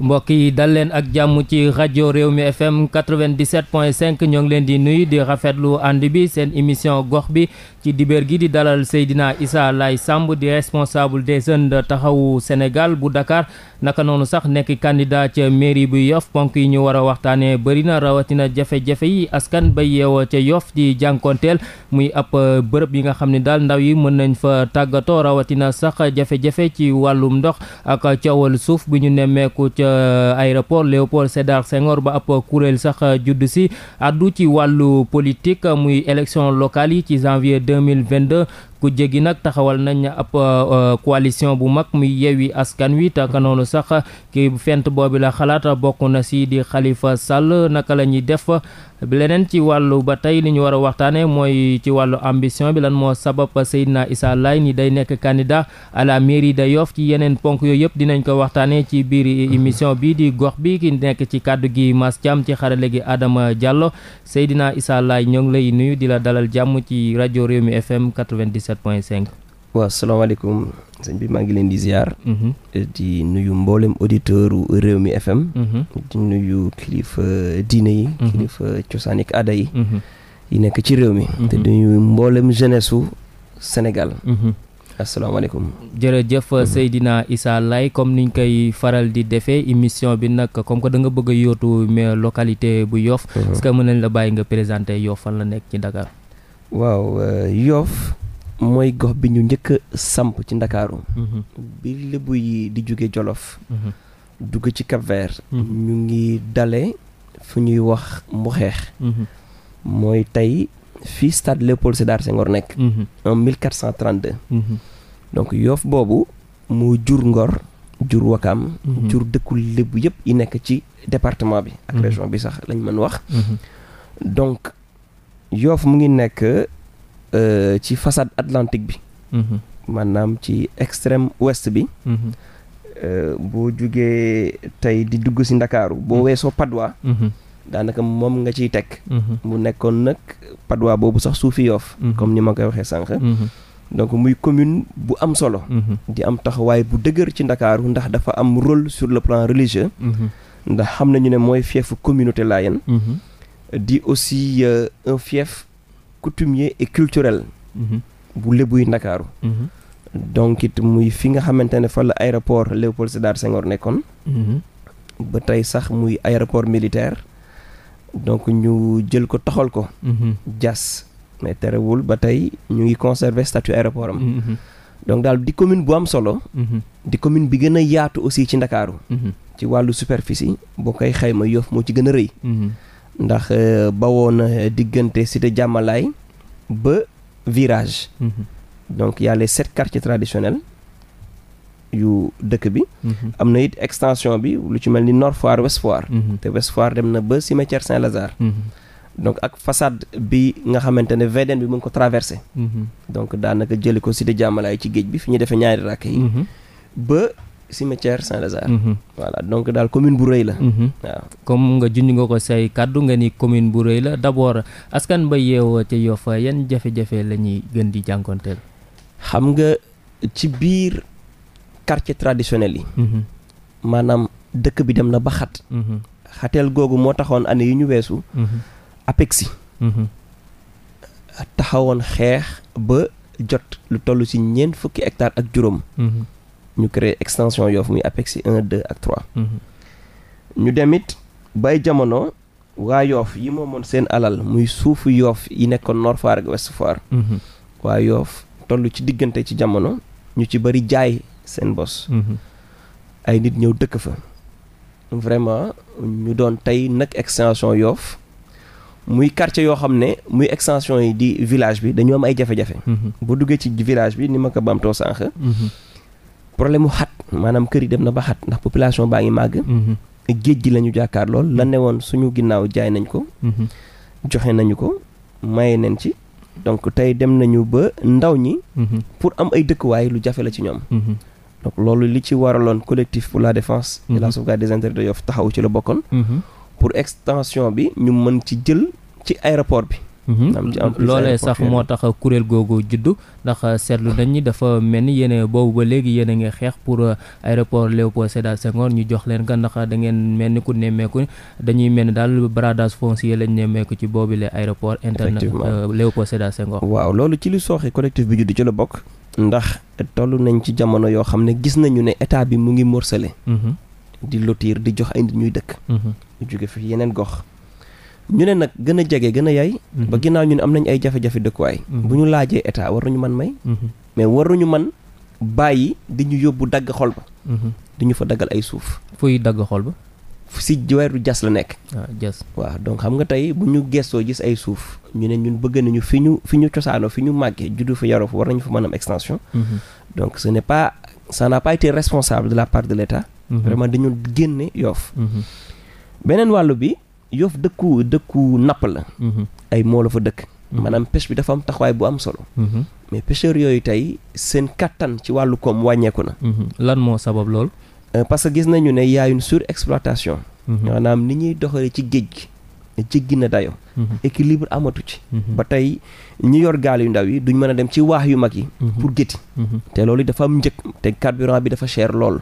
mbokk yi dal leen ak jàmm ci rajo réew mi fm 97.5 ñoo ngi leen di nuyu di rafetlu ànd bi seen émission gox bi ci dibéer gi di dalal Seydina Issa Laye Samb di responsable des jeunes de taxawu Sénégal bu Dakar naka noonu sax nekk candidat ca mairie bu Yoff ponk yi ñu war a waxtaanee bëri na rawatina jafe-jafe yi askan ba yeewoo ca Yoff di jànkonteel muy ab euh, bërëb yi nga xam ne daal ndaw yi mën nañ fa tàggatoo rawatina sax jafe-jafe ci wàllum ndox ak coowal suuf bi ñu ca euh, aéroport Léopold Sédar Senghor ba ab kuréel sax euh, judd si addu ci wàllu politik euh, muy élection locale yi ci janvier 2022 ku jégi nag taxawal nañ ab coalition bu mag muy Yewwi Askan Wi taka noonu sax ki fent boobi la xalaat bokk na si di xalifa Sall naka la ñuy def leneen ci wàllu ba tey li ñu war a waxtaanee mooy ci wàllu ambition bi lan moo sabab Seydina Issa Laye ni day nekk candidat à la mairie de Yoff ci yeneen ponk yooyu yëpp dinañ ko waxtaane ci biir émission bi di gox bi ki nekk ci kàddu gi Mass Thiam ci xarale gi Adama Diallo Seydina Issa Laye ñoo ngi lay nuyu di la dalal jàmm ci rajo réew mi FM 97.5. waaw salaamaaleykum sëñ bi maa ngi leen di ziar. Mhm. di nuyu mbooleem auditeur u réew mi FM. Mhm. di nuyu kilifa diine yi. Mhm. kilifa cosaan ak yi. yi nekk ci réew mi. te di nuyu mboolem jeunesse su Sénégal. asalaamaaleykum jërëjëf Seydina Issa Laye comme niñ koy faral di defee émission bi nag comme que da nga bëgg yootu mais localité bu Yoff. est que mën nañ la bàyyi nga présenté Yoff fan la nekk ci Dakar. waaw euh, Yoff. mooy gox bi ñu njëkk samp ci ndakaaru mhm. bi lébu yi di jóge jolof mhm. dugg ci Cap Vert mhm. ñu ngi dale fu ñuy wax mbuxeex mooy tey fi stade Léopold Sédar Senghor nekk en 1432 donc yoof boobu moo jur ngor jur wakaam jur dëkkul lébu yëpp yi nekk ci département bi ak région bi sax lañ mën wax donc yoof mu ngi nekk Euh, ci façade atlantique bi mhm. maanaam ci extrême west bi mhm. euh, boo jógee tey di dugg si ndakaaru boo mhm. weesoo Padois daanaka moom nga ciy tek mu nekkoon nag Padois boobu sax suufi yoof comme ni ma koy waxee sànq donc muy commune bu am solo di am taxawaay bu dëgër ci ndakaaru ndax dafa am rôle sur le plan religieux ndax xam nañu ne mooy fiefu communauté laayeen di aussi euh, un fief coutumier et culturel. Mhm. bu lébuy Ndakaaru. Mhm. donc muy fi nga xamante ne fa la aéroport Léopold Sédar Senghor nekkoon. Mhm. ba tey sax muy aéroport militaire. donc ñu jël ko toxal ko. jas mais terewul ba tey ñu ngi conserver statut aéroport am. donc daal di commune bu am solo. di commune bi gën a yaatu aussi ci Ndakaaru. ci wàllu superficie boo koy xayma Yoff moo ci gën a rëy. ndax euh, bawoon diggante cité jàmmalaay ba virage mhm. donc yàlla a les sept quartiers traditionnels yu dëkk bi mhm. am na it extension bi lu ci mel ni Nord Foire Ouest Foire mhm. te Ouest Foire dem na ba cimetière Saint-Lazare donc ak façade bi nga xamante ne VDN bi mu ngi ko traversé donc daanaka jëli ko cité jàmmalaay ci géej bi fi ñu defee ñaari rakk yi ba cimetière Saint-Lazare. Mhm. voilà donc daal commune bu rëy la. Mhm. waaw comme nga junj nga ko say kàddu nga ni commune bu rëy la d'abord askan ba yeewoo ca Yoff yan jafe-jafe la ñuy gën di jànkonteel. xam nga ci biir quartier traditionnel yi. Mhm. maanaam dëkk bi dem na ba xat. xateel googu moo taxoon année yu ñu weesu. APEXI. taxawoon xeex ba jot lu toll ci ñeent fukki hectares ak juróom. ñu créer extension Yoff muy APEXI 1 2 ak 3. Mhm. ñu demit bay jamono waa Yoff yi moomoon seen alal muy suufu Yoff yi nekkoon Nord Foire ak Ouest mhm. waa Yoff toll ci diggante ci jamono ñu ci bëri jaay seen bos. Mhm. ay nit ñëw dëkk fa. vraiment ñu doon tey nag extension yoof muy quartier yoo xam ne muy extension yi di village bi dañoom ay jafe-jafe. bu duggee ci village bi ni ma ko bamtoo problème mu xat maanaam kër yi dem na ba xat ndax population baa ngi màgg. Mhm. géej gi la ñu jàkkaar lool mhm. la ne woon suñu ginnaaw jaay nañ ko. Mhm. joxe nañu ko maye nañ ci. donc tey dem nañu ba ndaw ñi. pour am ay dëkk dëkkuwaay lu jafe la ci ñoom. donc loolu li ci waraloon collectif pour la défense. et la sauvegarde des intérêts de Yoff taxaw ci la bokkoon. pour extension bi ñu mën ci jël ci aéroport bi. Mhm. loolee sax moo tax kuréel googu juddu ndax seetlu nañ ni dafa mel ni yéen boobu ba léegi yéen a ngi xeex pour euh, aéroport Léopold Sédar Senghor ñu jox leen ka ndax da ngeen mel ni ku nemmeeku dañuy mel ni daal bradage foncier lañ nemmeeku ci boobu le aéroport international euh, Léopold Sédar Senghor waaw loolu ci li sooxe collectif bi juddu ci la bokk ndax toll nañ ci jamono yoo xam ne gis nañu ne état bi mu ngi morcelé mhm. di lotir di jox ay nit ñuy dëkk mhm. ñu jóge fi yeneen ñu ne nag gën a jege gën a yay. ba mhm. ginnaaw ñu ne am nañ ay jafe-jafe dëkkuwaay. Mhm. bu ñu laajee état war nañu man may. Mhm. mais war waruñu man bàyyi di ñu yóbbu dagg xol ba. di ñu fa daggal ay suuf. fuy dagg xol ba. si weeru jas la nekk. waaw ah, jas waaw donc xam nga tey bu ñu geestoo gis ay suuf ñu ne ñun bëgg nañu fi ñu fi ñu cosaanoo fi ñu màggee juddu fi yaroo fa war nañu fa mën am extension. donc ce n'est pas ça n'a pas été responsable de la part de l'État. vraiment dañu génne yoof beneen wàllu bi. Yoff dëkku dëkku napp la. Mhm. ay moo la fa dëkk. Mhm. maanaam pêche bi dafa am taxawaay bu am solo. Mhm. mais pêcheurs yooyu tey seen kattan ci wàllu koom wàññeeku na. lan moo sabab lool. Euh, parce que gis nañu ne yaayu a une surexploitation. maanaam ni ñuy doxalee ci géej gi. jéggi na dayo équilibre amatu ci ba tey ñu yor gaal yu ndaw yi duñ mën a dem ci waax yu mag yi pour gétti te loolu dafa am njëkk te carburant bi dafa cher lool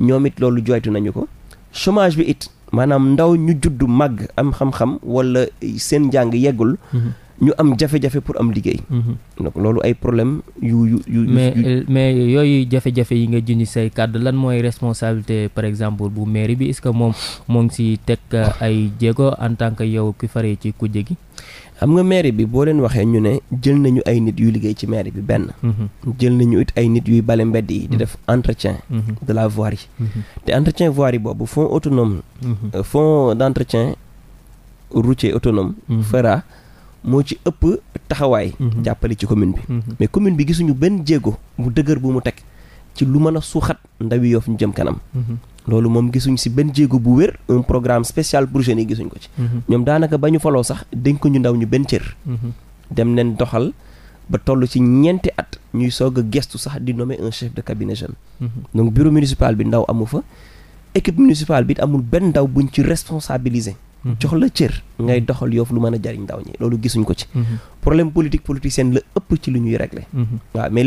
ñoom it loolu joytu nañu ko chômage bi it maanaam ndaw ñu judd màgg am xam-xam wala seen njàng yeggul. Mhm. ñu am jafe-jafe pour am liggéey. Mhm. loolu ay problème yu yu yu. mais euh, mais yooyu jafe-jafe yi nga junj say kàddu lan mooy responsabilité par exemple bu mairie bi est-ce que moom moo ngi si teg euh, ay jéego en tant que yow ki faree ci kujje gi. xam nga mairie bi boo leen waxee ñu ne jël nañu ay nit yuy liggéey ci mairie bi benn. Mhm. jël nañu it ay nit yuy bale mbedd yi. di mhm. def entretien. Mhm. de la voirie. te entretien voirie boobu fonds autonome. Euh, fonds d' entretien routier autonome. FERA moo ci ëpp taxawaay. jàppale ci commune bi. mais commune bi gisuñu benn jéego bu dëgër bu mu teg ci lu mën a suuxat ndawi Yoff ñu jëm kanam. loolu moom gisuñ si benn jéego bu wér un programme spécial pour jeunes gisuñ ko ci. Mhm. ñoom daanaka ba ñu faloo sax dénk ñu ndaw ñu benn cër. Mhm. dem nañ doxal ba toll ci ñeenti at ñuy soog a gestu sax di nome un chef de cabinet jeune. Mhm. donc bureau municipal bi ndaw amu fa. équipe municipale bi amul benn ndaw buñ ci responsabiliser. jox la cër ngay doxal yoofu lu mën a jariñ ndaw ñi loolu gisuñ ko ci. problème politique politicienne la ëpp ci lu ñuy régler. waaw mais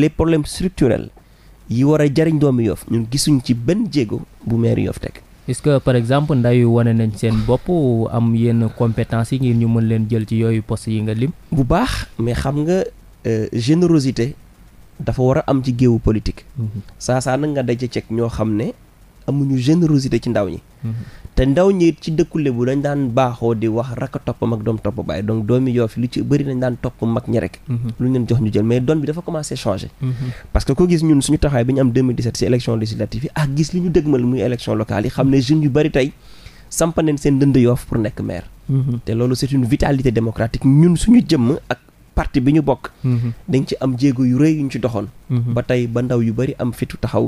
yi war a jariñ doomu Yoff ñun gisuñ ci benn jéego bu maire Yoff teg. est-ce que par exemple ndaw yu wane nañ seen bopp am yenn compétence yi ngir ñu mën leen jël ci yooyu poste yi nga lim. bu baax mais xam nga euh, générosité dafa war a am ci géewu politique. Mhm. saa saa nag nga daje ceeg ñoo xam ne amuñu générosité ci ndaw ñi. Mhm. te ndaw ñi ci dëkku Lebu dañ daan baaxoo di wax rakk topp mag doom topp baay donc doomi Yoof lu ci bëri dañ daan topp mag ñi rek mhm. lu ñu jox ñu jël mais doon bi dafa commencé mhm. parce que ko gis ñun suñu taxawaay bi ñu am 2017 si élection législative yi ak gis li ñu dëgmal muy élection locale yi xam ne jeunes yu bëri tey samp seen dënd Yoof pour nekk maire mhm. te loolu c'est vitalité démocratique ñun suñu jëmm ak parti bi ñu bokk. Mhm. dañ ci am jéego yu rëy yu ñu ci doxoon. Mhm. ba tey ba ndaw yu bari am fitu taxaw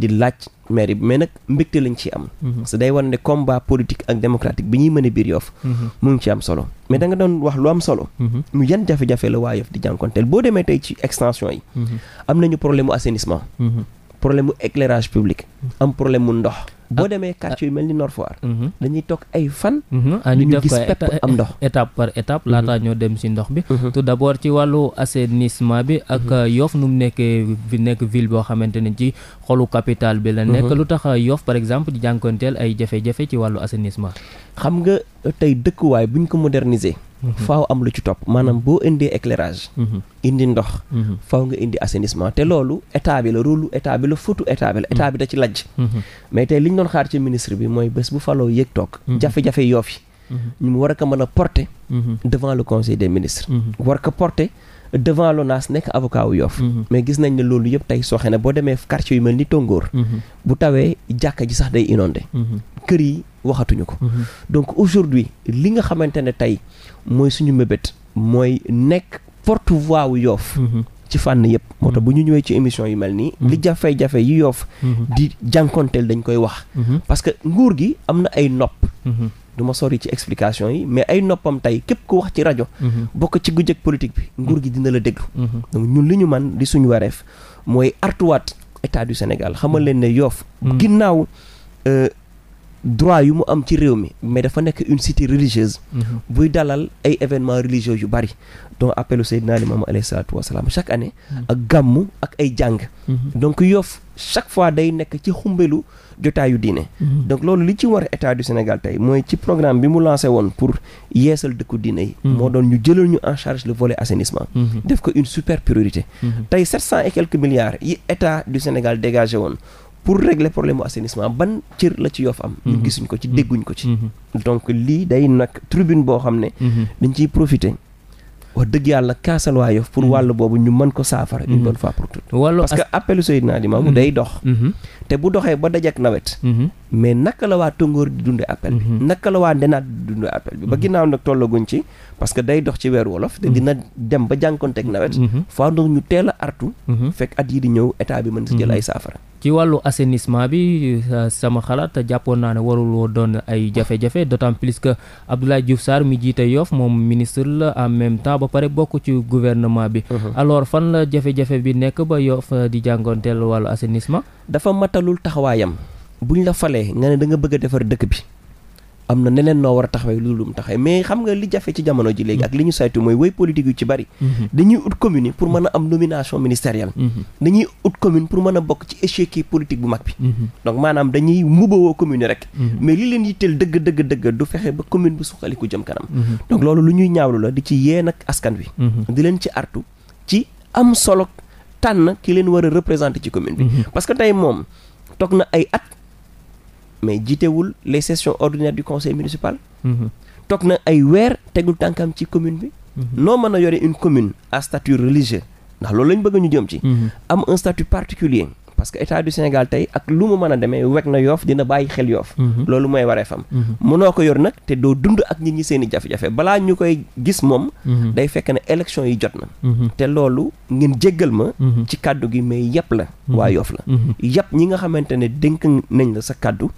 di laaj maire bi mais nag mbégte lañ ciy am. Mhm. parce que day war ne combat politique ak démocratique bi ñuy mën a biir Yoff. mu ngi ci am solo mais da nga doon wax lu am solo. mu yan jafe-jafe la waa di jànkonteel boo demee tey ci extension yi. am nañu problème mu assainissement. problème éclairage public. am problème ndox. boo demee quartier yu mel ni Nord Foire mhm. dañuy toog ay fan mhm. ah, ñu def gis am ndox étape par étape mhm. laata ñoo dem si ndox bi tout d'abord ci wàllu assainissement bi ak euh, Yoff nu mu nekkee fi nekk ville boo xamante ne ci xolu capital bi la nekk lu tax euh, Yoff par exemple di jànkonteel ay jafe-jafe ci wàllu assainissement xam nga tey dëkkuwaay bu ñu ko moderniser. Mhm. faaw am lu ci topp maanaam boo indee éclairage mhm. indi ndox mhm. faaw nga indi assainissement te loolu état bi la rôle état bi la futu état bi la état bi da ci lajj mais tey li ñu doon xaar ci ministre bi mooy bés bu faloo yëg toog jafe-jafe yoo fi ñu war ko mën a porte devant le conseil des ministres war ko porter devant l'ONAS nekk avocat wu yoof mais gis nañ ne loolu yëpp tey sooxe na boo demee quartier yu mel ni tóngoor bu tawee jàkka ji sax day inondé kër yi waxatuñu ko. Mhm. donc aujourd'hui li nga xamante ne tey mooy suñu mébét mooy nekk porte voix wu yoof mhm. ci fànn yëpp moo tax mhm. bu ñu ñëwee ci émission yi mel nii li jafe-jafe yu yoof di jànkonteel dañ koy wax parce que nguur gi am na ay nopp du ma sori ci explication yi mais ay noppam tey képp ku wax ci rajo bokk ci gujjëg politique bi nguur gi dina la déglu donc ñun li ñu man di suñu wareef mooy artuwaat état du Sénégal xamal leen ne yoof ginnaaw euh, droit yu mu am ci réew mi mais dafa nekk une cité religieuse mhm. buy dalal ay événements religieux yu bari donc appelu Seydina Limaamu alayhi salaatu wasalaam chaque année mhm. ak gàmmu ak ay jàng mhm. donc Yoff chaque fois day nekk ci xumbelu jotaayu diine donc loolu li ci war état du Sénégal tey mooy ci programme bi mu lancé woon pour yeesal dëkku diine yi moo doon ñu jëlal ñu en charge le volet assainissement def ko une super priorité tey sept cent et quelques milliards pour régler problème mu assainissement ban cër la ci Yoff am. ñu mhm. gisuñ ko ci mhm. dégguñ ko ci. Mhm. donc lii day nag tribune boo xam ne. dañ ciy profiter. wax dëgg yàlla kaasal waa Yoff pour wàll boobu ñu man ko saafara. ñu bonne fois pour toutes. parce que appelu Seydina Limaamu day dox. te bu doxee ba dajak nawet. mais naka la waa tongoor di dunde appel bi mhm. naka la waa ndenaat di dunde appel bi ba mhm. ginnaaw nag tollaguñ ci parce que day dox ci weer wolof te mhm. dina dem ba jànkonteeg nawet faaw nag ñu teel a artu fekk at yi di ñëw état bi mën si ay saafara ci wàllu assainissement bi sama xalaat jàppoon naa ne waruloo doon ay jafe-jafe d'autant plus que Abdoulaye Diouf saar mi jiite Yoff moom ministre la en même temps ba pare bokk ci guvernement bi alors fan la jafe-jafe bi nekk ba Yoff di jàngonteel wàllu assainissement dafa matalul taxawaayam buñ la falee nga ne da nga a defar dëkk bi am na neneen noo war a taxawee lu dul taxawee mais xam nga li jafe ci jamono ji léegi ak li ñu saytu mooy woy politique yu ci bari mm-hmm. dañuy ut commune pour mën a am nomination ministérielle mm-hmm. dañuy ut commune pour mën a bokk ci échiquier politique bu mag bi mm-hmm. donc maanaam dañuy mubawoo commune yi rek mais li leen yitteel dëgg dëgg dëgg du fexe ba commune bu suqaliku jëm kanam donc loolu lu ñuy ñaawlu la di a mais jiitewul les sessions ordinaires du conseil municipal. Mhm. toog na ay weer tegul tànkam ci commune bi. Mhm. noo mën a yore une commune à statut religieux ndax loolu lañ bëgg ñu jëm ci. Mhm. am un statut particulier parce que état du Sénégal tey ak lu mu mën a demee wekk na yoof dina bàyyi xel yoof loolu mooy waree fam mënoo ko yor nag te doo dund ak nit ñi seen i jafe-jafe balaa ñu koy gis moom. day fekk ne élection yi jot na. te loolu ngeen jéggal ma. ci kàddu gi mais yëpp la. waa yoof la. yëpp ñi nga xamante ne dénk nañ la sa kàddu.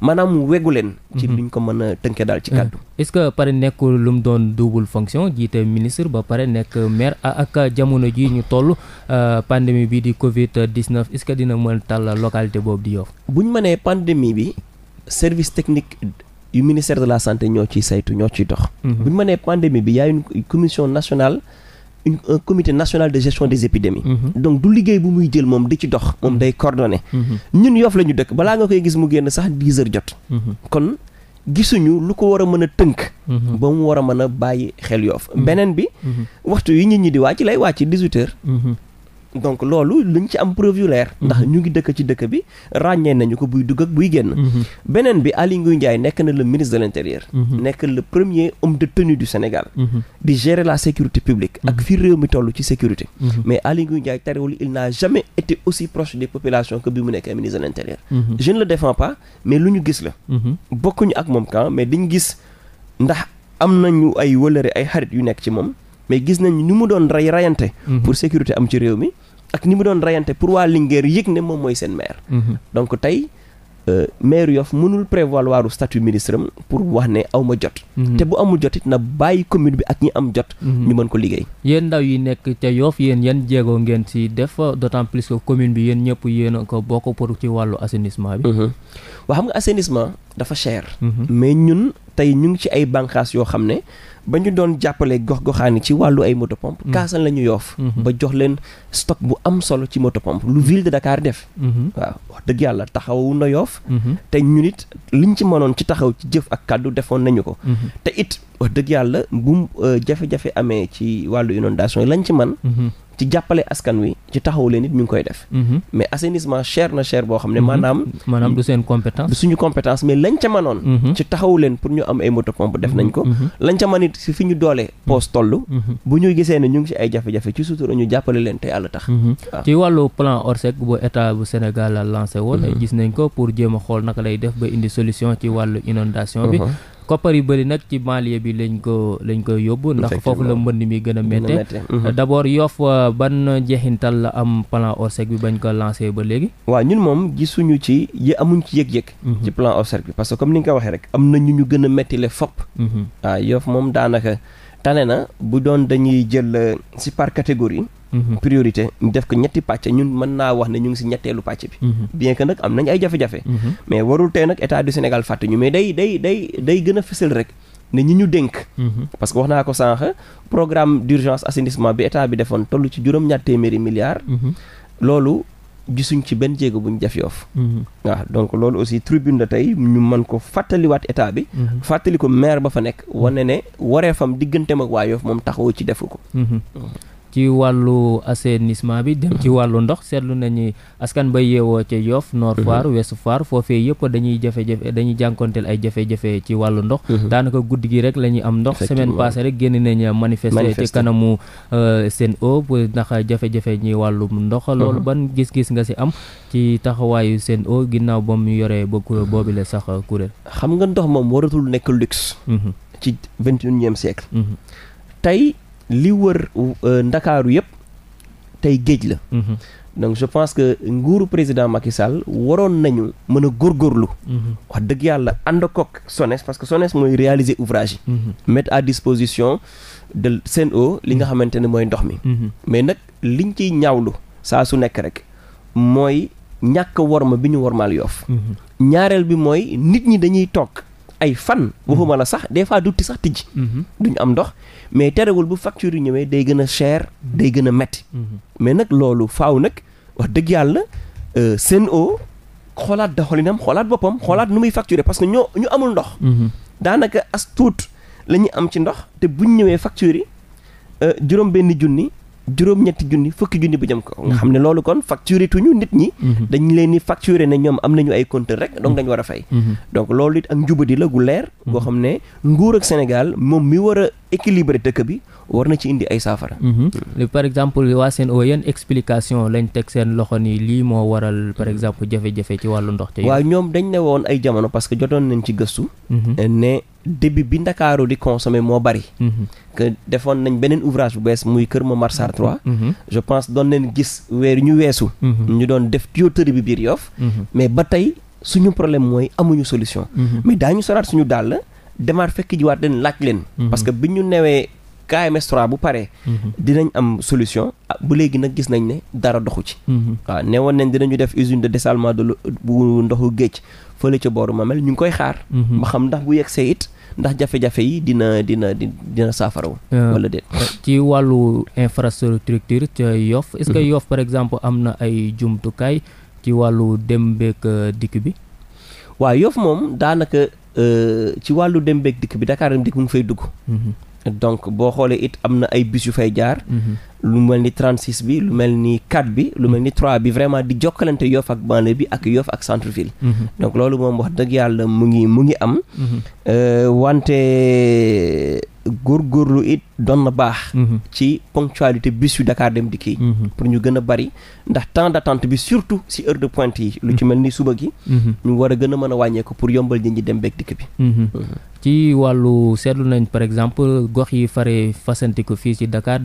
maanaam wegu leen. ci mhm. ñu ko mën a tënkee daal ci mhm. kàddu. est que pare nekkul lu mu doon double fonction jiite ministre ba pare nekk maire ak jamono ji ñu toll euh, pandémie bi di Covid 19 est-ce que dina mën tal localité boobu di Yoff. bu ñu mënee pandémie bi service technique yu ministère de la santé ñoo ciy saytu ñoo ciy dox. Mhm. bu ñu mënee pandémie bi y a une une un comité national de gestion des épidémies mhm. donc du liggéey bu muy jël moom di ci dox moom mhm. day coordonné mhm. ñun Yoff la ñu dëkk balaa nga koy gis mu génn sax dix heures jot kon gisuñu lu ko war a mën a tënk ba mu war a mën a bàyyi xel Yoff beneen bi waxtu yi nit ñi di wàcc lay wàcc dix donc loolu luñ ci am preuve yu ndax mhm. ñu ngi dëkk ci dëkk bi ràññee nañu ko buy dugg ak buy génn. Mhm. beneen bi Aly Ngouille Ndiaye nekk na le ministre de l'intérieur. Mhm. nekk le premier homme de tenue du Sénégal. di gérer la sécurité publique. ak fi réew mi toll ci sécurité. mais Aly Ngouille Ndiaye terewul il n'a jamais été aussi proche des populations que bi mu nekkee ministre de l'intérieur. je ne le pas mais lu ñu gis la. bokkuñu ak moom camp mais dañu gis ndax am nañu ay wëlëre ay xarit yu nekk ci moom mais gis nañu ni mu doon rey rayante. pour sécurité am ci réew mi. ak ni mu doon reyante pour waa Linguère yëg ne moom mooy seen maire. Mhm. donc tey euh, maire Yoff mënul prévaloir u ministre pour wax ne aw ma jot. Mhm. te bu amul jot it na bàyyi commune bi ak ñi am jot. Mhm. ñu mën ko liggéey. yéen ndaw yi nekk ca Yoff yéen yan jéego ngeen si def d'autant plus que commune bi yéen ñëpp yéen ko bokk pour ci wàllu assainissement bi. waa xam nga assainissement dafa cher. mais ñun tey ñu ngi ci ay bànqaas yoo xam ne. ba ñu doon jàppale gox-goxaani ci wàllu ay moto pompe mm-hmm. kaasan la ñu yoof mm-hmm. ba jox leen stock bu am solo ci moto pompe lu ville de Dakar def mm-hmm. waaw wax dëgg yàlla taxawu na yoof te ñu nit liñ ci mënoon ci taxaw ci jëf ak kàddu defoon nañu ko te it wax dëgg yàlla bu euh, jafe-jafe amee ci wàllu inondation yi lañ ci man ci jàppale askan wi ci taxaw leen it ñu ngi koy def. Mhm. mais assainissement cher na cher boo xam ne mhm. maanaam. maanaam du seen compétence. du suñu compétence mais lañ ca manoon. Mhm. ci taxaw leen pour ñu am ay moto pompe def nañ ko. lañ ca man si fi ñu doole poos toll. bu ñu gisee ne ñu ngi si ay jafe-jafe ci sutura ñu jàppale leen te yàlla tax. ci wàllu plan ORSEC bu état bu Sénégal lancé woon. gis nañ ko pour jéem a xool naka lay def ba indi solution ci wàllu inondation bi. Uh-huh. koppar yu bëri nag ci banlieue bi lañ ko lañ ko yóbbu ndax foofu la mbënn mi gën a métte mhm. euh, d'abord Yoff ban jeexintal la am plan ORSEC bi bañ ko lancé ba léegi waaw ñun moom gisuñu ci yi amuñ ci yëg-yëg mhm. ci plan ORSEC bi parce que comme ni nga ko waxee rek am na ñu ñu gën a métti le fopp mhm. waaw Yoff moom daanaka tane na bu doon dañuy jël euh, si par catégorie. Mhm. priorité ñu def ko ñetti pàcc ñun mën naa wax ne ñu ngi si ñetteelu pàcc bi. Mhm. bien que nag am nañ ay jafe-jafe. Mhm. mais warul tey nag état du Sénégal fàtte ñu mais day day day day gën a fësal rek. ne ñi ñu dénk. parce que wax naa ko sànq programme d' urgence assainissement bi état bi defoon toll ci juróom-ñaar téeméeri milliards. loolu gisuñ ci benn jéego buñ jaf yoof mhm. waaw donc loolu aussi tribune la tey ñu mën ko fàttaliwaat état bi mhm. fàttali ko maire ba fa nekk wane ne waree fam digganteem ak waa yoof moom taxawu ci defu ko mhm. ci wàllu assainissement bi dem ci mhm. wàllu ndox seetlu nañu askan ba yeewoo ca yoof Nord mhm. Foire Ouest Foire foofee yëpp dañuy jafe-jafe dañuy jànkonteel ay jafe-jafe ci wàllu ndox mhm. daanaka guddi gi rek la am ndox semaine passée rek génn nañ manifester ci kanamu euh, Sen'Eau ndax jafe ñi wàllum ndox loolu ban gis-gis nga si am ci taxawaayu seen o ginnaaw ba mu yoree ba boobi sax kuréel xam nga ndox moom waratul nekk luxe ci vingt et siècle li wër euh, ndakaaru yëpp tey géej la mhm. donc je pense que nguuru président Macky Sall waroon nañu mën a góor góorlu mhm. wax dëgg yàlla ànd kook SONES parce que SONES mooy réaliser ouvrage yi mhm. mettre à disposition de Sen'Eau li nga xamante ne mooy ndox mi mais nag liñ ciy ñaawlu saa su nekk rek mooy ñàkk worma bi ñu wormaal yoof ñaareel bi mooy nit ñi dañuy toog ay fan waxuma la sax des fois dutti sax tijj duñu am ndox mais terewul bu facture yi ñëwee day gën a cher day gën a metti mhm. mais nag loolu faw nag wax dëgg yàlla euh, Sen'Eau xoolaat doxalinam xoolaat boppam xoolaat nu muy facturer parce que ñoo ñu amul ndox mhm. daanaka as tuut la ñuy am ci ndox te buñ ñëwee facture yi euh, juróom benn junni juróom ñetti junni fukki junni bu jëm ko nga mhm. xam ne loolu kon facturé ñu nit ñi dañ leen di facturé ne ñoom am nañu ay compteur rek donc dañ war a fay donc loolu it ak njubadi la gu leer équilibré dëkk bi war na ci indi ay saafara. Mhm. par exemple waa seen oo yan explication lañ teg seen loxo ni lii moo waral par exemple jafe-jafe ci wàllu ndox. waaw ñoom dañ ne woon ay jamono parce que jotoon nañ ci gëstu. Mhm. ne débit bi Ndakaaru di consommer moo bari. Mhm. defoon nañ beneen ouvrage bu bees muy Kër Momar Sarr 3. je pense doon leen gis weer ñu weesu. ñu doon def tuyauterie bi biir Yoff mais ba tey suñu problème mooy amuñu solution. mais daañu suñu dàll. demaat fekk jiwaat leen laaj leen. Mhm. parce que bi ñu newee KMS 3 bu paree. Mhm. dinañ am solution ah, bu léegi nag gis nañ ne dara doxu ci. Mhm. waaw ne woon nañ dinañu def usine de dessalement de bu ndoxu géej fële ca booru Mamel ñu ngi koy xaar. ba xam ndax bu yegg see it ndax jafe-jafe yi dina dina dina saafara euh, wala déet. Euh, ci wàllu infrastructure ca Yoff. est-ce que Yoff par exemple am na ay jumtukaay ci wàllu dem beeg euh, dikk bi. waaw Yoff moom daanaka. Euh, ci wàllu dem beeg dikk bi Dakar dem dikk mu ngi fay dugg. Mm-hmm. donc boo xoolee it am na ay bis yu fay jaar. Mm-hmm. lu mel ni 36 bi lu mel ni 4 bi lu di jokkalante Yoff ak banlieue bi ak Yoff ak centre ville. Mhm. donc loolu moom wax dëgg yàlla mu ngi mu ngi am. Mhm. Euh, wante góorgóorlu it doon baax. Mhm. ci ponctualité bus yu Dakar dem dikk yi. pour ñu gën a bari ndax temps d'attente bi surtout si heure de pointe yi. lu ci mel ni suba gi. ñu war a gën a mën a wàññeeku pour yombal nit ñi dem beeg dikk bi. ci wàllu seetlu nañ par exemple gox yi fare fasanti ko fii ci Dakar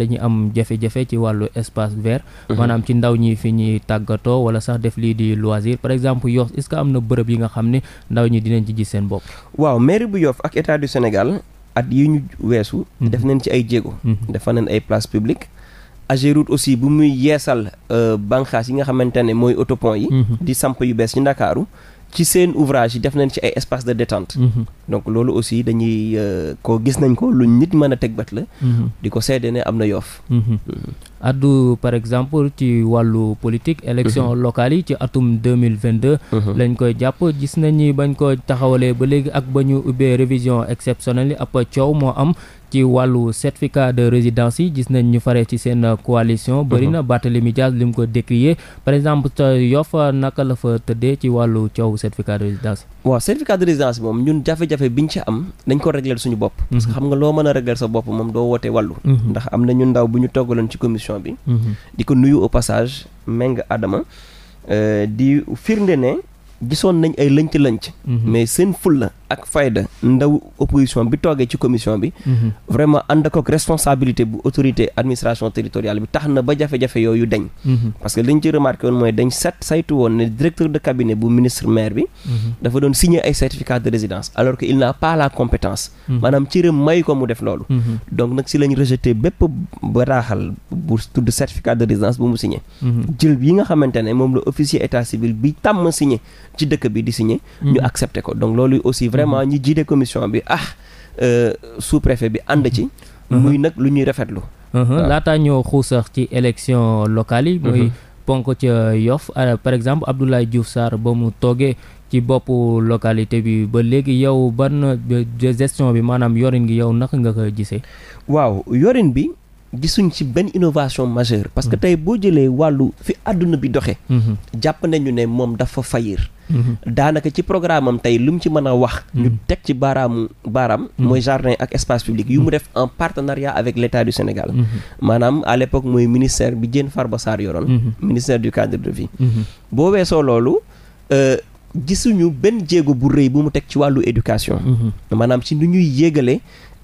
jafe-jafe ci wàllu espace vert mhm. maanaam ci ndaw ñi fi ñuy tàggatoo wala sax def lii di loisir par exemple Yoff est-ce que am na bërëb yi nga xam ni ndaw ñi dinañ ci gis seen bopp waaw mairie bu Yoff ak état du Sénégal at yi ñu weesu mhm. def nañ ci ay jéego mhm. defal nañ ay place publique Ageroute aussi bu muy yeesal euh, banqaas yi nga xamante ne mooy autopont yi di samp yu bees ci Ndakaaru ci seen ouvrage yi def nañ ci ay espace de détente mhm. donc loolu aussi dañuy euh, ko gis nañ ko lu nit mën a teg bët la mhm. di ko seede ne am na yoof mhm. addu par exemple ci wàllu politique élection mhm. locale yi ci atum 2022 mhm. lañ koy jàpp gis nañ ni bañ ko taxawalee ba léegi ak ba ñu ubbee révision exceptionnelle yi ab coow moo am ci wàllu certificat de résidence yi gis nañ ñu faree ci seen coalition mhm. bëri na mi Dias li mu ko décrier par exemple Yoff naka la fa tëddee ci wàllu coow certificat de résidence waaw certificat de résidence bi moom ñun jafe-jafe biñ ci am dañ ko régleel suñu bopp mhm. parce que xam nga loo mën a régleel sa bopp moom doo woote wàllu mhm. ndax am na ñu ndaw bu ñu toggaloon ci commission bi mhm. di ko nuyu au passage Meng Adama euh, di firnde ne gisoon nañ ay lënc-lënc mais seen fulla ak fayda ndaw opposition bi toogee ci commission bi mhm. vraiment ànd ak responsabilité bu autorité administration territoriale bi tax na ba jafe-jafe yooyu dañ mhm. parce que liñ ci remarqué woon mooy dañ set saytu woon ne directeur de cabinet bu ministre maire bi mhm. dafa doon signer ay certificat de résidence alors que il n'a pas compétence maanaam cëram may ko mu def loolu donc nag si lañ rejeté bépp bataaxal bu tudd certificat de résidence bu mu vraiment mhm. ñi jiite commission bi ah euh, sous préfet bi ànd ci mhm. muy nag lu ñuy rafetlu mhm. laata ñoo xuusax ci élection locale yi muy ponk ca Yoff euh, par exemple Abdoulaye Diouf saar ba mu toogee ci boppu localité bi ba léegi yow ban euh, gestion bi maanaam yorin ngi yow naka nga ko gisee waaw yorin bi gisuñ ci benn innovation majeure parce que mm-hmm. tey boo jëlee wàllu fi àdduna bi doxe mm-hmm. jàpp nañu ne moom dafa fayir mm-hmm. daanaka ci programme am tey lu mu ci mën a wax ñu teg ci baaraamu baaraam mooy jardin ak espace public yu mu def en partenariat avec l'État du Sénégal maanaam à l'époque mooy ministère bi Diène Farba Sarr yoroon ministère du cadre de vie boo weesoo loolu euh, gisuñu benn jéego bu rëy bu mu teg ci wàllu éducation maanaam ci nu ñuy yéegale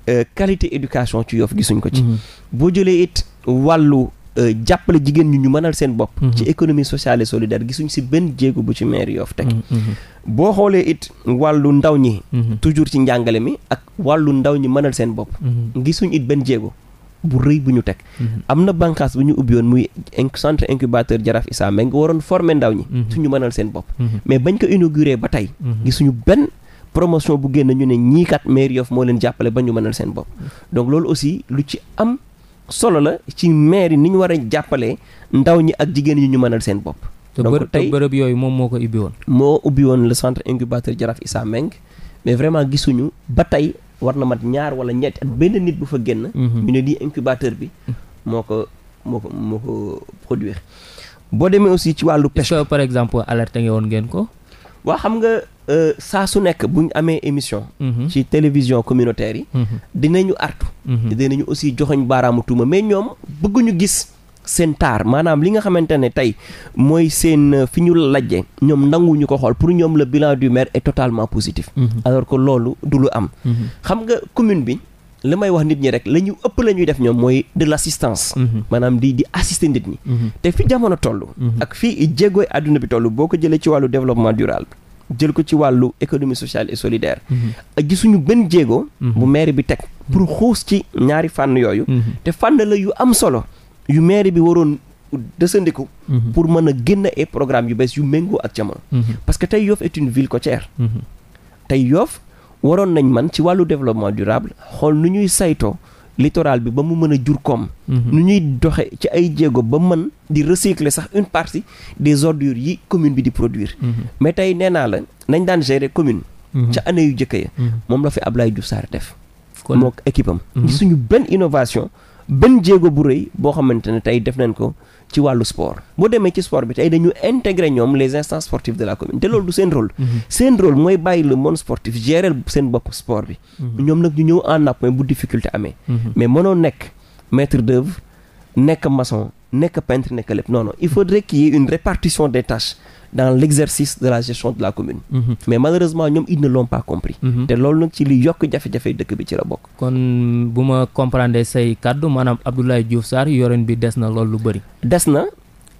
Euh, qualité éducation ci Yoff gisuñ ko ci. Mhm. boo jëlee it wàllu euh, jàppale jigéen ñu ñu mënal seen bopp. Mhm. ci économie sociale et solidaire gisuñ si benn jéego bu ci maire Yoff teg. Mhm, boo xoolee it wàllu ndaw ñi. toujours ci njàngale mi ak wàllu ndaw ñi mënal seen bopp. gisuñ it benn jéego. bu rëy bu ñu teg am na bànqaas bu ñu ubbi woon muy centre incubateur Jaraaf Issa Mbengue nga waroon former ndaw ñi suñu mënal seen bopp mais bañ ko inauguré ba tey gisuñu benn promotion bu génn ñu ne ñii kat maire moo leen jàppale ba ñu mën mënal seen bopp donc loolu aussi lu ci am solo la ci maire yi ni ñu war a jàppale ndaw ñi ak jigéen ñi ñu al seen bopp. donc tey bërëb yooyu moom moo ko ubbi woon. moo ubbi woon la centre incubateur Jaraaf Issa Meng mais vraiment gisuñu ba tey war na mat ñaar wala ñetti at benn nit bu fa génn. Mhm. ñu ne di incubateur bi mhm. moo ko moo ko moo ko produire. boo demee aussi ci wàllu pêche. par exemple alerté woon ngeen ko. waa xam nga euh, saa su nekk bu ñu amee émission. Mhm. ci télévision communautaire yi. Mhm. dinañu artu. Mhm. dinañu aussi joxoñ baaraamu tuuma mais ñoom bëgguñu gis. seen taar maanaam li nga xamante ne tey mooy seen euh, fi ñu lajje ñoom nanguñu ko xool pour ñoom la bilan du maire est totalement positif. alors que loolu du lu am. xam nga commune bi. li may wax nit ñi rek la ñu ëpp la ñuy def ñoom mooy de l' assistance mhm. maanaam di di assister nit ñi mhm. te fi jamono toll mhm. ak fii jéegooy àdduna bi toll boo ko jëlee ci wàllu développement durable jël ko ci wàllu économie sociale et solidaire gisuñu benn jéego bu maire bi teg pour xuus ci ñaari fànn yooyu te fànn la yu am solo yu maire bi waroon dësandiku pour mën a génn ay programme yu bees yu méngoo ak jamono parce que tey Yoff est une ville côtière tey waroon nañ man ci wàllu développement durable xool nu ñuy sayto littoral bi ba mu mën a jur koom. Mhm. nu ñuy doxe ci ay jéego ba mën di recycler sax une partie des ordures yi commune bi di produire. Mhm. mais tey nee naa la nañ daan gérer commune. Mhm. ca année yu njëkk ya moom la fi Abdoulaye Diouf Sarr def. kon mook équipe suñu benn innovation benn jéego bu rëy boo xamante ne tey def nañ ko. ci wàllu sport boo demee ci sport bi tey dañu intégrer ñoom les instances sportives de la commune te loolu du seen rôle mhm. seen rôle mooy bàyyi le monde sportif gérer seen bopp sport bi mhm. ñoom nag ñu ñëw en appoint bu difficulté amee mhm. mais mënoo nekk maître d'œuvre nekk maçon nekk peintre nekk lépp non non il faudrait qu'il y ait une répartition des tâches dans l'exercice de la gestion de la commune mhm. mais malheureusement ñoom ils ne pas compris mhm. te loolu nag ci li yokk jafe-jafe dëkk bi ci la bokk kon bu ma comprendre say kàddu maanaam Abdoulaye Diouf Sarr yorin bi des na loolu lu bëri des na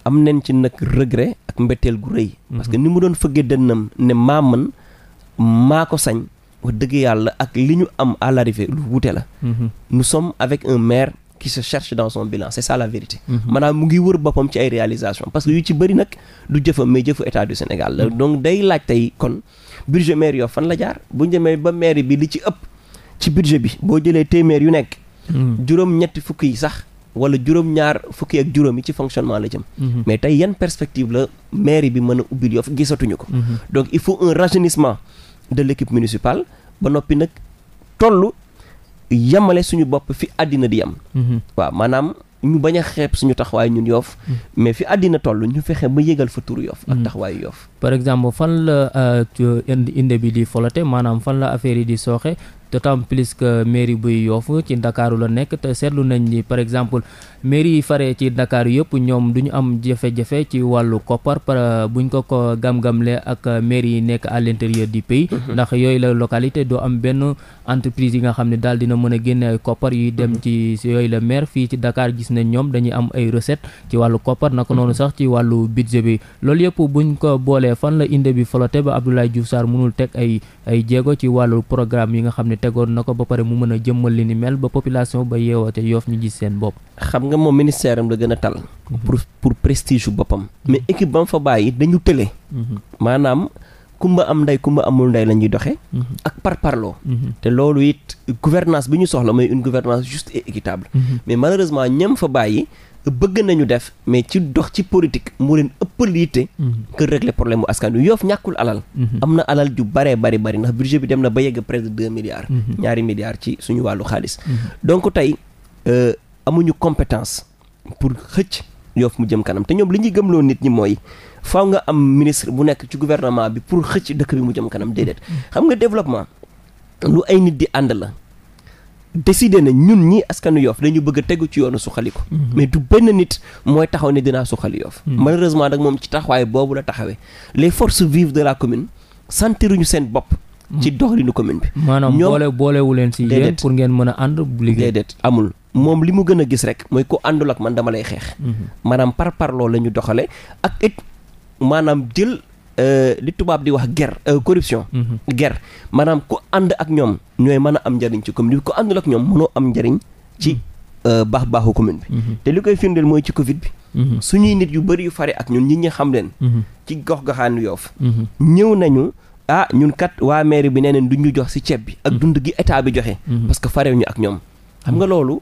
am nañ ci nag regret ak mbetteel gu rëy parce que mhm. ni mu doon fëggee dënnam ne maa mën maa ko sañ wax dëgg yàlla ak li ñu am à lu wuute la nous sommes avec un maire qui se cherche dans son bilan c'est ça la vérité mhm. maanaam mu ngi wër boppam ci ay réalisation parce que yu ci bëri nag du jëfam mais jëfu état du Sénégal la mhm. donc day laaj tey kon budget maire yoo fan la jaar bu ñu ba maire bi li ci ëpp ci budget bi boo jëlee téeméer yu nekk mhm. juróom ñetti fukk yi sax wala juróom ñaar fukki ak juróom yi ci fonctionnement la jëm mais tey yan perspective la mairie bi mën a ubbil Yoff gisatuñu ko donc il faut un rajeunissement yemale suñu bopp fi àddina di yam mhm. waaw maanaam ñu bañ a xeeb suñu taxawaay ñun yoof mhm. mais fi àddina toll ñu fexe ba yëgal fa turu yoof ak mhm. taxawaayu yoof par exemple fan la euh, inde bi di folote maanaam fan la affaire yi di sooxe d'autant plus que mairie buy yoof ci ndakaaru la nekk te seetlu nañ ni par exemple mairie yi fare ci ndakaaru yëpp ñoom du ñu am jafe-jafe ci wàllu koppar par buñ ko ko gam-gamle ak mairie yi nekk à l'intérieur du pays mhm. ndax yooyu la localité doo am benn entreprise yi nga xam ne daal dina mën a génne ay koppar yuy dem mhm. ci yooyu la maire fii ci Dakar gis nañ ñoom dañuy am ay recette ci wàllu koppar naka noonu mhm. sax ci wàllu budget bi loolu yëpp buñ ko boolee fan la inde bi flotté ba Abdoulaye Diouf Sarr teg ay ay jéego ci wàllu programme yi nga xam ne ni tegoon na ko ba pare mu mën a jëmmal li ni mel ba population ba yeewoote yoof ñu gis seen bopp. xam nga moom ministère am la gën a tal. Mhm. pour pour prestige boppam. mais mhm. équipe ba mu fa bàyyi dañu tële. Mhm. maanaam kumba am ndey kumba amul ndey la ñuy doxee. ak parparloo. te loolu it gouvernance bi ñu soxla mooy une gouvernance juste équitable. mais malheureusement ñam fa bàyyi. bëgg nañu def mais ci dox ci politique moo leen ëppal yitte mhm. que régler problème bu askan wi yoof ñàkkul alal mhm. am na alal ju bare bari bari ndax budget bi dem na ba yegg près de deux milliards mhm. ñaari milliards ci suñu wàllu xaalis donc tey euh, amuñu compétence pour xëcc yoof mu jëm kanam te ñoom li ñuy gëmloo nit ñi mooy faaw nga am ministre bu nekk ci gouvernement bi pour xëcc dëkk bi mu jëm kanam déedéet xam nga développement lu ay nit di ànd la décidé na ñun ñi askanu yoof dañu bëgg a tegu ci yoonu suqaliku mhm. mais du benn nit mooy taxaw ne dinaa suqali yoof mhm. malheureusement nag moom ci taxawaay boobu la taxawee les forces vives de la commune ñu seen bopp mhm. ci doxalinu commune bi maanaam boole boolewu leen si yéen pour ngeen mën a ànd liggéey déedéet amul moom li mu gën a gis rek mooy ku àndul ak man dama lay xeex maanaam par parloo la ñu doxale ak it maanaam jël Euh, li tubaab di wax guerre euh, corruption. Mhm. guerre maanaam ku ànd ak ñoom ñooy mën a am njëriñ ci commune bi ku àndul ak ñoom mënoo am njëriñ ci mhm. euh, baax baaxu commune bi. Mhm. te li koy firndeel mooy ci Covid bi. suñuy nit yu bëri yu fare ak ñun nit ñi xam leen. ci gox goxaanu Yoff. ñëw nañu. ah ñun kat waa mairie bi nee neen du ñu jox ci ceeb bi. ak dund gi état bi joxe. parce que farew ñu ak ñoom. xam nga loolu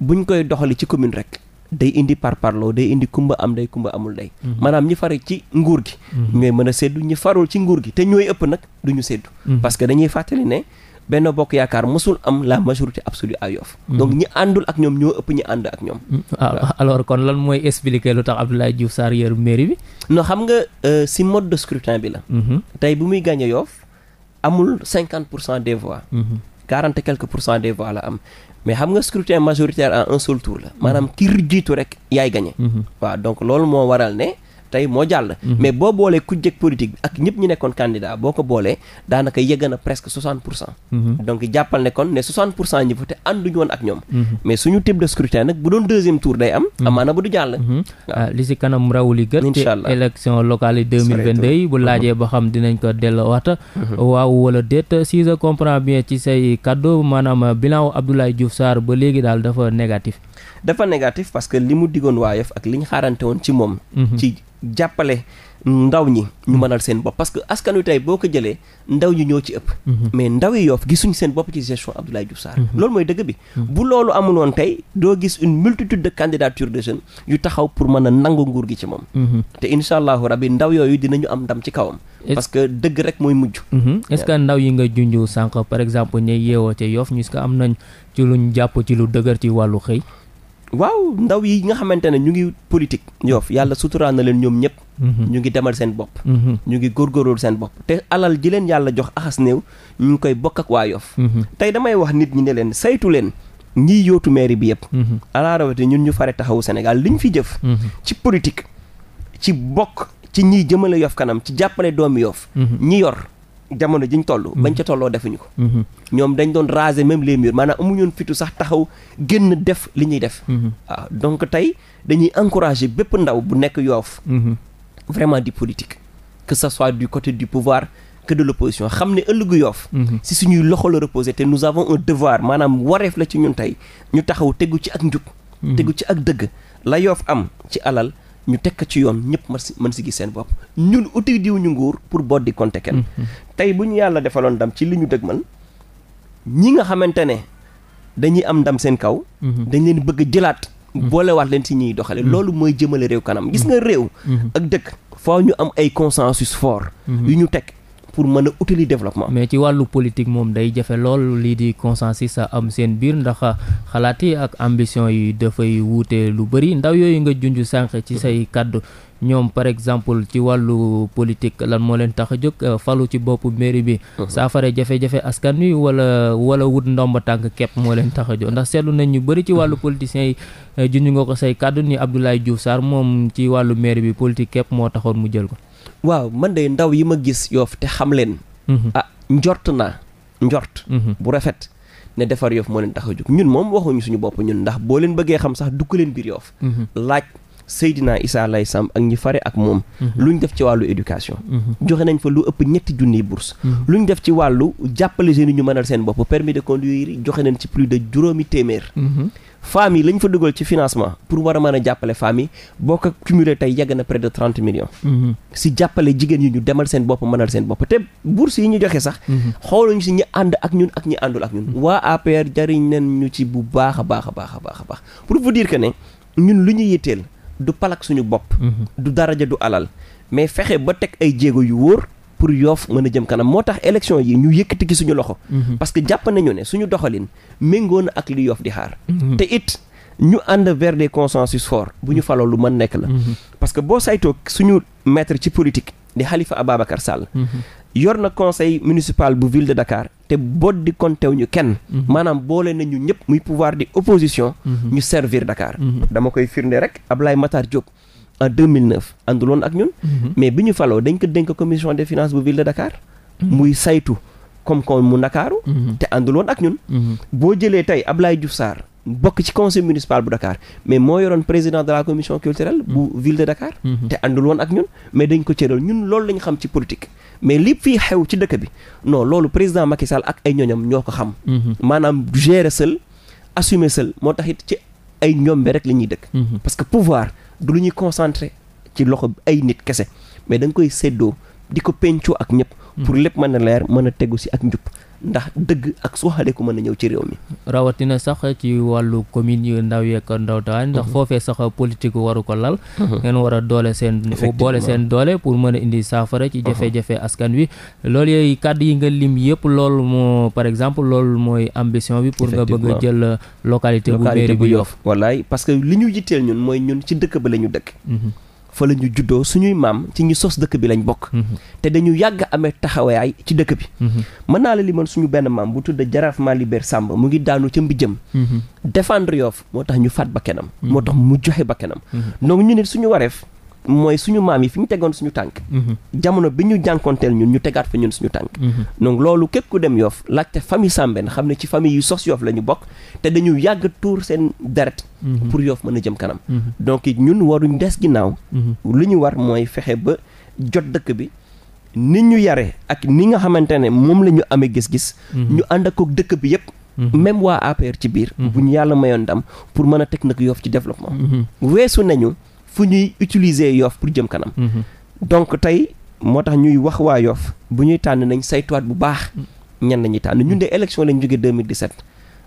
buñ koy doxali ci commune rek. day indi par par loo day indi kumba am day kumba amul day mhm. maanaam ñi fare ci nguur gi ñooy mhm. mën a séddu ñi farul ci nguur gi te ñooy ëpp nag du ñu séddu mhm. parce que dañuy fàttali ne benn Bokk Yaakaar mosul am la majorité absolue à Yoff donc ñi àndul ak ñoom ñoo ëpp ñi ànd ak ñoom ah, ah, alors kon lan mooy expliquer lu tax Abdoulaye Diouf Sarr yër mairie bi non xam nga euh, si mode de scrutin bi la tey bu muy gagné Yoff amul cinquante pour cent des voix quarante et pour cent des voix la am mais xam nga scrutin majoritaire à un seul la maanaam ki jiitu rek yaay gagné. Mhm. waaw donc loolu moo waral ne. tey moo jàll. Mhm. mais boo boolee ku jëkk politique ak ñëpp ñu nekkoon candidat boo ko boolee daanaka yegg na presque 60 pour cent. Mhm. donc jàppal ne kon ne 60 pour cent ñi voté ànduñu woon ak ñoom. Mhm. mais suñu type de scrutin nag bu doon deuxième tour day am. amaana bu du jàll. Ah, li si kanam rawu li gën. incha allah élection locale yi 2022 yi bu laajee ba xam dinañ ko delloowaat. waaw wala déet si je comprends bien ci say kaddu maanaam bilan Abdoulaye Diouf Sarr ba léegi daal dafa négatif. dafa negatif parce que li mu diggoon waayof ak li ñu xaarante woon ci moom. jàppale ndaw ñi ñu mm-hmm. mënal seen bopp parce que askanu wi boo ko jëlee ndaw ñi ñoo ci ëpp mm-hmm. mais ndaw yi yoof gisuñ seen bopp ci gestion Abdoulaye Diouf mm-hmm. loolu mooy dëgg bi bu loolu amul woon tey doo gis une multitude de candidatures de jeunes yu taxaw pour mën nangu nguur gi ci moom te insha allahu rabbi ndaw yooyu dina dinañu am ndam ci kawam parce que dëgg rek mooy mujj est que ndaw yi nga junj sànq par exemple ñe yeewoo ca yoof ñu est-ce que am nañ ci luñ ci lu dëgër waaw ndaw yi nga xamante ne ñu ngi politique yoof yàlla suturaal leen ñoom ñëpp mhm. ñu ngi demal seen bopp mhm. ñu ngi góorgóorlu seen bopp te alal ji leen yàlla jox axas néew ñu ngi koy bokk ak waa yoof mhm. tey damay wax nit ñi ne leen saytu leen ñii yootu mairie bi yëpp alaa rawate ñun ñu fare taxawu Sénégal liñ fi jëf ci politique ci bokk ci ñiy jëmale yof kanam ci jàppale doomi yoof ñi yor jamono jiñ toll. Mhm. bañ ca tolloo defuñu ko. Mhm. ñoom dañ doon raser même les murs maanaam amuñoon fitu sax taxaw génn def li ñuy def. Mhm. waaw donc tey dañuy encourager bépp ndaw bu nekk yoof vraiment di politique que ça soit du côté du pouvoir. que de l'opposition xam ne ëllëgu yoof si suñuy loxo la reposé te nous avons un devoir maanaam wareef la ci ñun tey ñu taxaw tegu ci ak njub tegu ci ak dëgg la yoof am ci alal ñu tekk ci yoon ñëpp man si mën si gis seen bopp ñun uti diw ñu nguur pour boot di compter kenn mm-hmm. tey bu ñu yàlla defaloon ndam ci li ñu dëgmal ñi nga xamante ne dañuy am ndam seen kaw mm-hmm. dañ leen bëgg jëlaat mm-hmm. boolewaat leen si ñuy doxale loolu mooy jëmale réew kanam gis nga réew ak dëkk faaw ñu am ay consensus fort yu ñu teg pour mën a utili développement. mais ci wàllu politique moom day jafe lool lii di consensus sa am seen biir ndax xalaat yi ak ambition yi dafay wuute lu bëri ndaw yooyu nga junj sànq ci say kàddu ñoom par exemple ci wàllu politique lan moo leen tax a jóg euh, falu ci boppu mairie bi. Uh-huh. saafara jafe-jafe askan yi wala wala wut ndomba tànk képp moo leen tax a jóg ndax seetlu nañ ñu bëri ci wàllu uh-huh. politiciens yi euh, junj nga ko say kàddu ni Abdoulaye Diouf Sarr moom ci wàllu mairie bi politique képp moo taxoon mu jël ko. waaw man de ndaw yi ma gis yoof te xam leen. Mhm. ah njort naa njort. Mhm. bu rafet ne defar yoof moo leen tax a jóg ñun moom waxuñu suñu bopp ñun ndax boo leen bëggee xam sax dugg leen biir yoof mhm. laaj Seydina Issa Lay Samb ak ñi fare ak moom mhm. lu ñu def ci wàllu éducation mhm. joxe nañ fa lu ëpp ñetti junniy bourse mhm. lu ñu def ci wàllu jàppale jeunes yi ñu mënal seen bopp permis de conduire joxe nañ ci plus de juróomi téeméer femmes yi lañ fa dugal ci financement pour war a mën a jàppale femmes yi boo ko cumulé tey yegg na près de trente millions si jàppale jigéen yi ñu demal seen bopp mënal seen bopp te bourse yi ñu joxe sax xooluñu si ñi ànd ak ñun ak ñi àndul ak ñu ci bu baax a baax a baax a baax a baax pour ñu du palak suñu bopp. Mhm. du daraja du alal mais fexe ba teg ay jéego yu wóor. pour yoof mën a jëm kanam moo tax élection yi ñu yëkkati ki suñu loxo. Mhm. parce que jàpp nañu ne suñu doxalin méngoo na ak li yoof di xaar. Mhm. te it ñu ànd vers des consensus forts bu ñu faloo lu mën nekk la. parce que boo saytoo suñu maître ci politique di xalifa Ababacar Sall. yor na conseil municipal bu ville de Dakar te boot di kontew ñu kenn mhm. maanaam boole na ñu ñëpp muy pouvoir di opposition mhm. ñu servir Dakar mhm. dama koy firnde rek Ablaye Matar Diop en 2009 ànduloon ak ñun mais bi ñu faloo dañ ko dénk commission des finances bu ville de Dakar muy saytu comme comme mu Ndakaaru te ànduloon ak ñun boo jëlee tey Ablaye Diouf Sarr bokk ci conseil municipal bu Dakar mais moo yoroon président de la commission culturelle bu mm. ville de Dakar mm-hmm. te àndul woon ak ñun mais dañ ko cëral ñun loolu lañ xam ci politique mais li fii xew ci dëkk bi non loolu président Macky Sall ak ay ñooñam ñoo ko xam mm-hmm. maanaam gérer seul assumer seul moo tax it ci ay ñombe rek la ñuy dëkk mm-hmm. parce que pouvoir du lu ñuy concentré ci loxo ay nit kese mais da koy séddoo di ko pencoo ak ñëpp mm. pour lépp mën a leer mën a tegu si ak njub ndax dëgg ak suuxale ku mën a ñëw ci réew mi. rawatina sax ci wàllu commune yu ndaw yeeg ndawtaan ndax mhm. foofee sax politique waru ko lal. Mhm. ngeen war a doole seen. boole seen doole pour mën a indi saafara ci mhm. jafe-jafe askan wi. lool yooyu kàddu yi nga lim yëpp loolu moo par exemple loolu mooy ambition bi. pour nga bëgg a jël localité bu mairie bu Yoff. wallaay parce que li ñu yitteel ñun mooy ñun ci dëkk ba la ñu dëkk. fa la ñu juddoo suñuy maam ci ñi sos dëkk bi lañ bokk. Mhm. te dañu yàgg amee taxawaay ci dëkk bi. Mhm. mën naa la li man suñu benn maam bu tudd jaraaf Malibert Sàmb mu ngi daanu ca mbijjam. Mhm. défendre Yoff moo tax ñu faat bakkanam. moo tax mu joxe bakkanam. donc ñu nit suñu wareef. mooy suñu maam yi fi ñu tegoon suñu tànk mhm. jamono bi ñu jànkonteel ñun ñu tegaat fa ñun suñu tànk mhm. donc loolu képp ku dem Yoff laajte famille Sambène xam ne ci fami yu sos Yoff la ñu bokk te dañu yàgg tuur seen deret mhm. pour Yoff mën a jëm kanam donc ñun waruñ des ginnaaw lu ñu war mooy fexe ba jot dëkk bi ni ñu yare ak ni nga xamante ne moom lañu amee gis-gis ñu ànd ak dëkk bi yépp même waa APR ci biir bu ñu yàlla mayoon dam pour mën a teg nag Yoff ci développement weesu nañu fu ñuy utiliser yoof pour jëm kanam mhm. donc tey moo tax ñuy wax waa yoof bu ñuy tànn nañ saytuwaat bu baax mm. ñenn nañuy tànn ñun de mm. élection lañ jógee 2017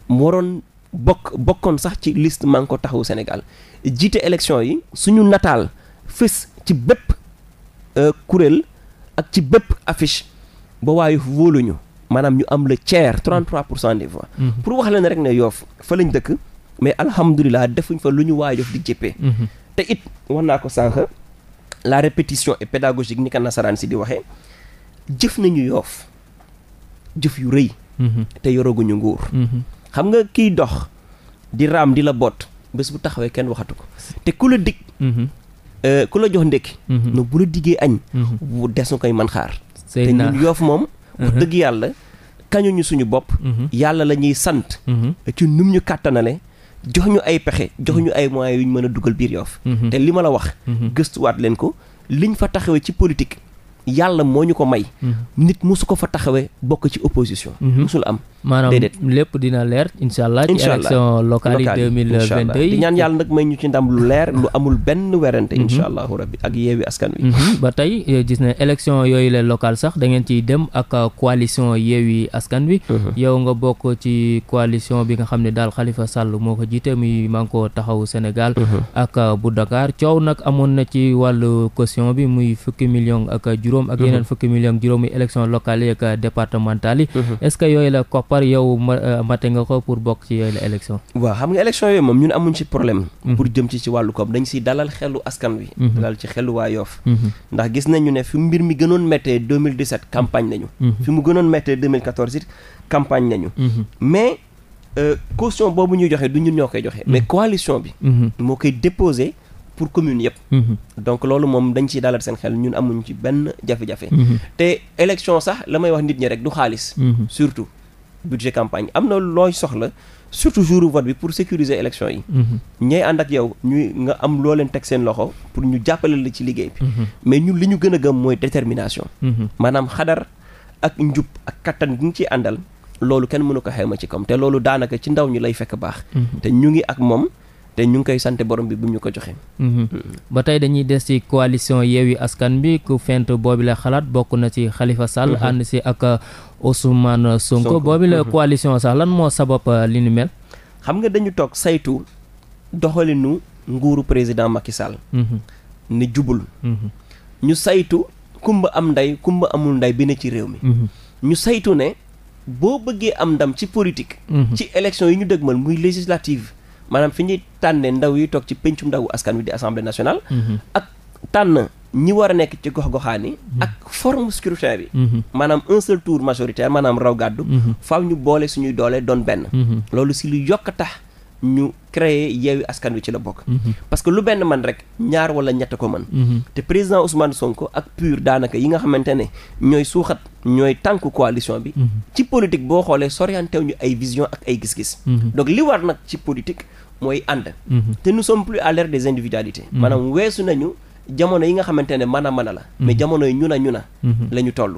mu waroon bokk bokkoon sax ci list liste Manko Taxawu senegal jiite élection yi suñu nataal fës ci bépp euh, kuréel ak ci bépp affiche ba waa Yoff wóoluñu maanaam ñu am le tiers 33 pour cent des voix mm-hmm. pour wax leen rek ne Yoff fa lañ dëkk mais alhamdulilah defuñ fa lu ñu waa Yoff di jëppee mm-hmm. te it wax naa ko sànq la répétition est pédagogique ni ko nasaraan si di waxee jëf nañu yoof jëf yu rëy. Mhm. te yoraguñu nguur. Mhm. xam nga kiy dox di raam di la boot bés bu taxawee kenn waxatu ko te ku la dig. Mhm. Euh, ku la jox ndekki. ne bu la diggee añ. bu des na koy man xaar. te ñun yoof moom. wax dëgg yàlla kañuñu suñu bopp. yàlla la sant. ci num ñu kàttanale. jox ñu ay pexe jox ñu mm-hmm. ay moyens yu ñu mën a dugal biir Yoff mm-hmm. te li ma la wax mm-hmm. gëstuwaat leen ko liñ fa taxawee ci politique yàlla moo ñu ko may. Mhm. nit musu ko fa taxawee bokk ci opposition. musul mhm. am déedéet maanaam lépp dina leer incha allah. ci élection locale yi deux mille vingt et un di ñaan yàlla nag may ñu ci ndam lu leer lu amul benn werante. Mhm. incha allahu rabbi ak yeewi askan wi. ba tey eh, gis na élection yooyu la locale sax da ngeen ciy dem ak eh, coalition yeewi askan wi. yow nga bokk ci coalition bi nga xam ne daal Khalifa Sall moo ko jiite muy Manko Taxawu Sénégal. ak eh, bu Dakar coow nag amoon na ci wàllu caution bi muy fukki million ak juróom juróom ak yeneen mhm. fukki million juróomi élection locale yi ak mhm. départementale est-ce que yooyu la koppar yow euh, mate nga ko pour bokk ci yooyu la élection waaw xam nga élection yooyu moom ñun amuñ ci problème mhm. pour jëm ci ci wàllu koom dañ siy dalal xelu askan wi dalal ci xelu waa Yoff ndax gis nañu ne fi mbir mi gënoon méttee 2017 campagne nañu fi mu gënoon méttee 2014 it campagne nañu mais euh, caution boobu ñuy joxe du ñun ñoo koy joxe mais coalition bi moo koy déposé pour commune yëpp mhm. donc loolu moom dañ ciy dalal seen xel ñun amuñ ci benn jafe-jafe mhm. te élection sax la may wax nit ñi rek du xaalis mhm. surtout budget campagne am na looy soxla surtout jour vote bi pour sécuriser élection yi ñay ànd ak yow ñuy nga am loo leen teg seen loxo pour ñu jàppale la ci liggéey bi mais ñun li ñu gën a gëm mooy détermination maanaam xadar ak njub ak kattan gi ñu ciy àndal loolu kenn mënu ko xayma ci kom te loolu daanaka ci ndaw ñi lay fekk baax ak moom te ñu ngi koy sant borom bi bu ñu ko joxee mhm. ba tey dañuy des ci coalition Yewwi Askan bi ku fent boobi la xalaat bokk na ci xalifa Sall mhm. ànd si ak uh, Ousmane Sonko boobi la mhm. coalition sax lan moo sabab uh, li ni mel xam nga dañu toog saytu doxalinu nguuru président Macky Sall ni jubul ñu saytu kumba am ndey kumba amul ndey bi ne ci réew mi ñu saytu ne boo bëggee am ndam ci politique ci élection yi ñu dëgmal muy législative maanaam fi ñuy tànne ndaw yi toog ci péncum ndawu askan wi di assemblée nationale mhm. ak tànn ñi war a nekk ci gox-goxaan yi mhm. ak forme scrutin bi mhm. maanaam un seul tour majoritaire maanaam raw gàddu faaw ñu boole suñuy doole doon benn loolu si lu yokk tax ñu créer yeewi askan wi ci la bokk parce que lu benn man rek ñaar wala ñett ko mën te président Ousmane Sonko ak PUR daanaka yi nga xamante ne ñooy suuxat ñooy tànk coalition bi ci politique boo xoolee soriantew ñu ay vision ak ay mooy ànd mhm. te nous sommes plus à l'ère des individualités mhm. maanaam weesu nañu jamono yi nga xamante ne mana a la mhm. mais jamono yi ñuna ñuna la ñu toll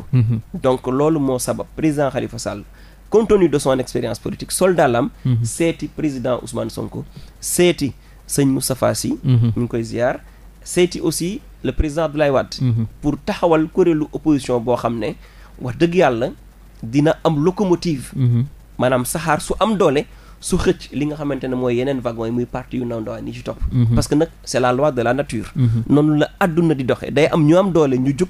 donc loolu moo sabab président Khalifa Sall compte tenu de son expérience politique soldat lam seeti président Ousmane Sonko seeti sëñ Moustapha Sy ñu ngi koy ziar seeti aussi le président Abdoulaye Wade pour taxawal kuréelu opposition boo xam ne wax dëgg yàlla dina am locomotive manaam saxaar su am doole su xëcc li nga xamante ne mooy yeneen wagon yi muy parti yu ndaw ndawaan yi ci topp mhm. parce que nag c'est la loi de la nature mhm. noonu la àdduna di doxee day am ñu am doole ñu jug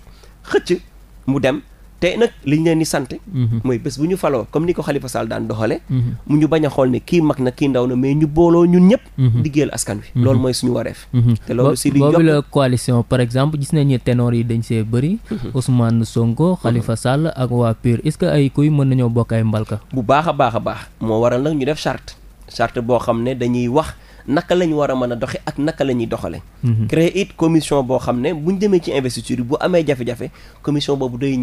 xëcc mu dem te nag li ñu leen di sant. Mhm. mooy bés bu ñu faloo comme ni ko Khalifa Sall daan doxale mhm. mu ñu bañ a xool ne kii mag na kii ndaw na mais ñu booloo ñun ñëpp. liggéeyal mhm. askan wi. loolu mooy suñu wareef. te loolu si li ñu boobu par exemple gis nañu ne ténor yi dañ see bëri. Ousmane Sonko Khalifa Sall ak waa PUR est-ce ay kuy mën nañoo bokk ay mbalka. bu baax a baax a baax moo waral nag ñu def charte charte boo xam ne dañuy wax. naka lañu ñu war a mën a doxe ak naka la ñuy doxale créer it commission boo xam ne bu ñu ci investiture yi bu amee jafe-jafe commission boobu day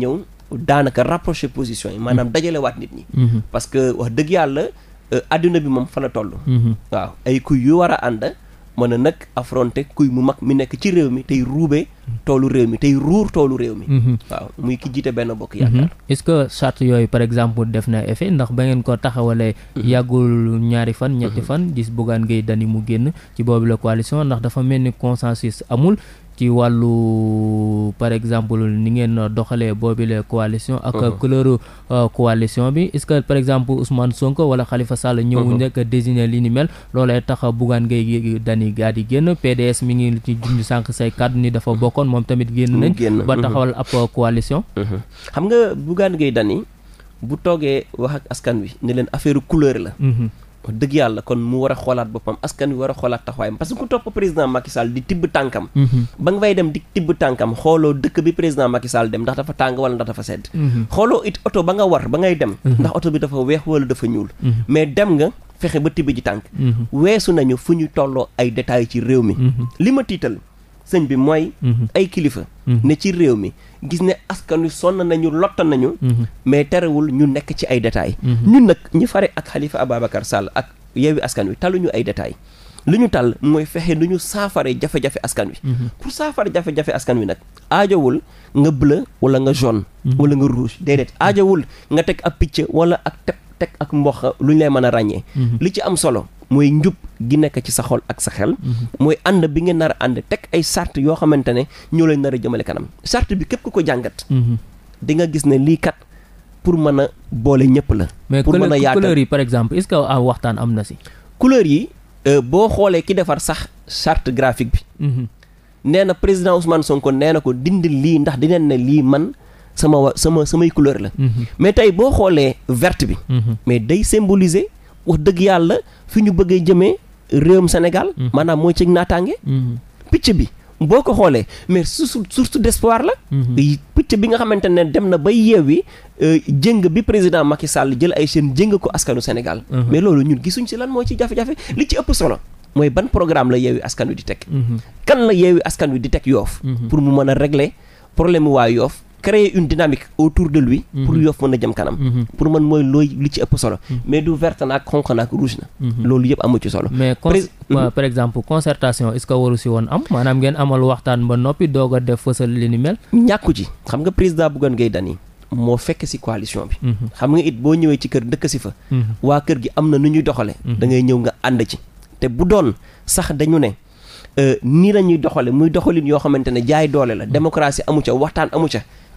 daanaka rapproché position yi maanaam mm-hmm. dajalewaat nit ñi mm-hmm. parce que wax dëgg yàlla euh, adduna bi moom fa la toll mm-hmm. waaw ay kuy yu war a ànd mën a nag affronter kuy mu mag mi nekk ci réew mi tey ruubee toolu réew mi tey ruur toolu réew mi waaw muy ki jiite benn bokk yaakaar est-ce que charte yooyu par exemple def na effet ndax ba ngeen ko taxawalee yàggul ñaari fan ñetti fan gis Bougane Gueye Dany mu génn ci boobu la coalition ndax dafa mel ni consensus amul ci wàllu par exemple ni ngeen doxalee boobile coalition. ak uh-huh. couleur uh, coalition bi est-ce que par exemple Ousmane Sonko wala Khalifa Sall. ñëw uh-huh. njëkk a li ni mel. loolee tax Bougane Gueye Dany gaa di génn PDS mi ngi ci junj sànq say kàddu ni dafa uh-huh. bokkoon moom tamit génn nañ. ba taxawal ab coalition. xam nga Bougane Gueye Dany bu toogee wax ak askan wi ne leen affaire couleur la. wax dëgg yàlla kon mu war a xoolaat boppam askan wi war a xoolaat taxawaayam parce ku topp président Macky di tibb tànkam mhm. ba nga fay dem di tibb tànkam xooloo dëkk bi président Macky dem ndax dafa tàng wala ndax dafa sedd mhm. xooloo it oto ba nga war ba ngay dem mhm. ndax oto bi dafa weex wala dafa ñuul mais dem nga fexe ba tibb ji tànk weesu nañu fu ñu tolloo ay détails ci réew mi li ma tiital sëñ bi mooy. Mhm. ay kilifa. Mhm. ne ci réew mi gis ne askan wi sonn nañu lott nañu. Mhm. mais terewul ñu nekk ci ay détails. ñun nag ñi fare ak Khalifa Ababacar Sall ak Yewwi Askan Wi taluñu ay détails. li ñu tal mooy fexe nu ñu saafare jafe-jafe askan wi. pour saafare jafe-jafe askan wi nag aajowul nga bleu wala nga jaune. wala nga rouge déedéet aajowul nga teg ak picc wala ak teg teg ak mbox lu ñu lay mën a ràññee. li ci am solo. mooy njub gi nekk ci sa xol ak sa xel mm-hmm. mooy ànd bi ngeen nar a ànd teg ay sart yoo xamante ne ñoo lay nar a jëmale kanam sart bi képp ku ko jàngat mm-hmm. di gis ne lii kat pour mën a boole ñëpp la pour mën a yaatal couleur yi par exemple est-ce ah, waxtaan am na si couleur yi euh, boo xoolee ki defar sax charte graphique bi mm-hmm. nee na président Ousmane Sonko nee na ko dindi lii ndax dineen ne lii man sama sama samay couleur la mais tey boo xoolee verte bi mais day symboliser wax dëgg yàlla fi ñu bëggee jëmee réewum Sénégal. Mm-hmm. maanaam mooy ci naataange. Mm-hmm. picc bi boo ko xoolee mais source d'espoir la. Mm-hmm. picc bi nga xamante ne dem na bay yeewi euh, jëng bi président Macky Sall jël ay chaînes jëng ko askanu Sénégal. mais loolu ñun gisuñ si lan mooy ci jafe-jafe li ci ëpp solo. mooy ban programme la yeewi askan wi di teg. kan la yeewi askan wi di teg yoof pour mu mën a régler problème waa yoof créer une dynamique autour de lui. Mhm. pour Yoff mën a jëm kanam. Mhm. pour man mooy looy li ci ëpp solo. Mhm. mais du vert naag xonq naag rouge na. loolu yëpp amu ci solo. mais par concertation est-ce que si woon am maanaam ngeen amal waxtaan ba noppi doog a def fësal li ni mel. ñàkku ci xam nga président Bougane Gueye Dany moo fekk ci coalition bi. xam nga it boo ñëwee ci kër dëkk si fa. waa kër gi am na nu ñuy doxale da ngay ñëw nga ànd ci. te bu doon sax dañu ne euh, nii la yoo xamante ne jaay doole la démocratie amu ca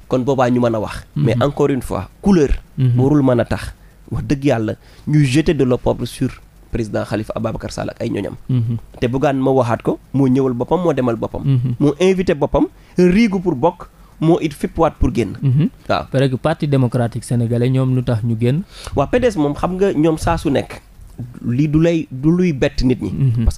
kon boobaa ñu mën a wax mhm. mais encore une fois couleur mhm. warul mën a tax wax dëgg yàlla ñuy jeter de l'opprobre sur président Khalifa Ababacar Sall ak ay ñoñam mhm. te Bougane ma waxaat ko moo ñëwal boppam moo demal boppam moo invité boppam riigu pour bokk moo it fippuwaat pour génn waaw parce que parti démocratique sénégalais ñoom lu tax ñu génn waaw PDS moom xam nga ñoom saa su nekk lii du lay du luy bett nit ñi parce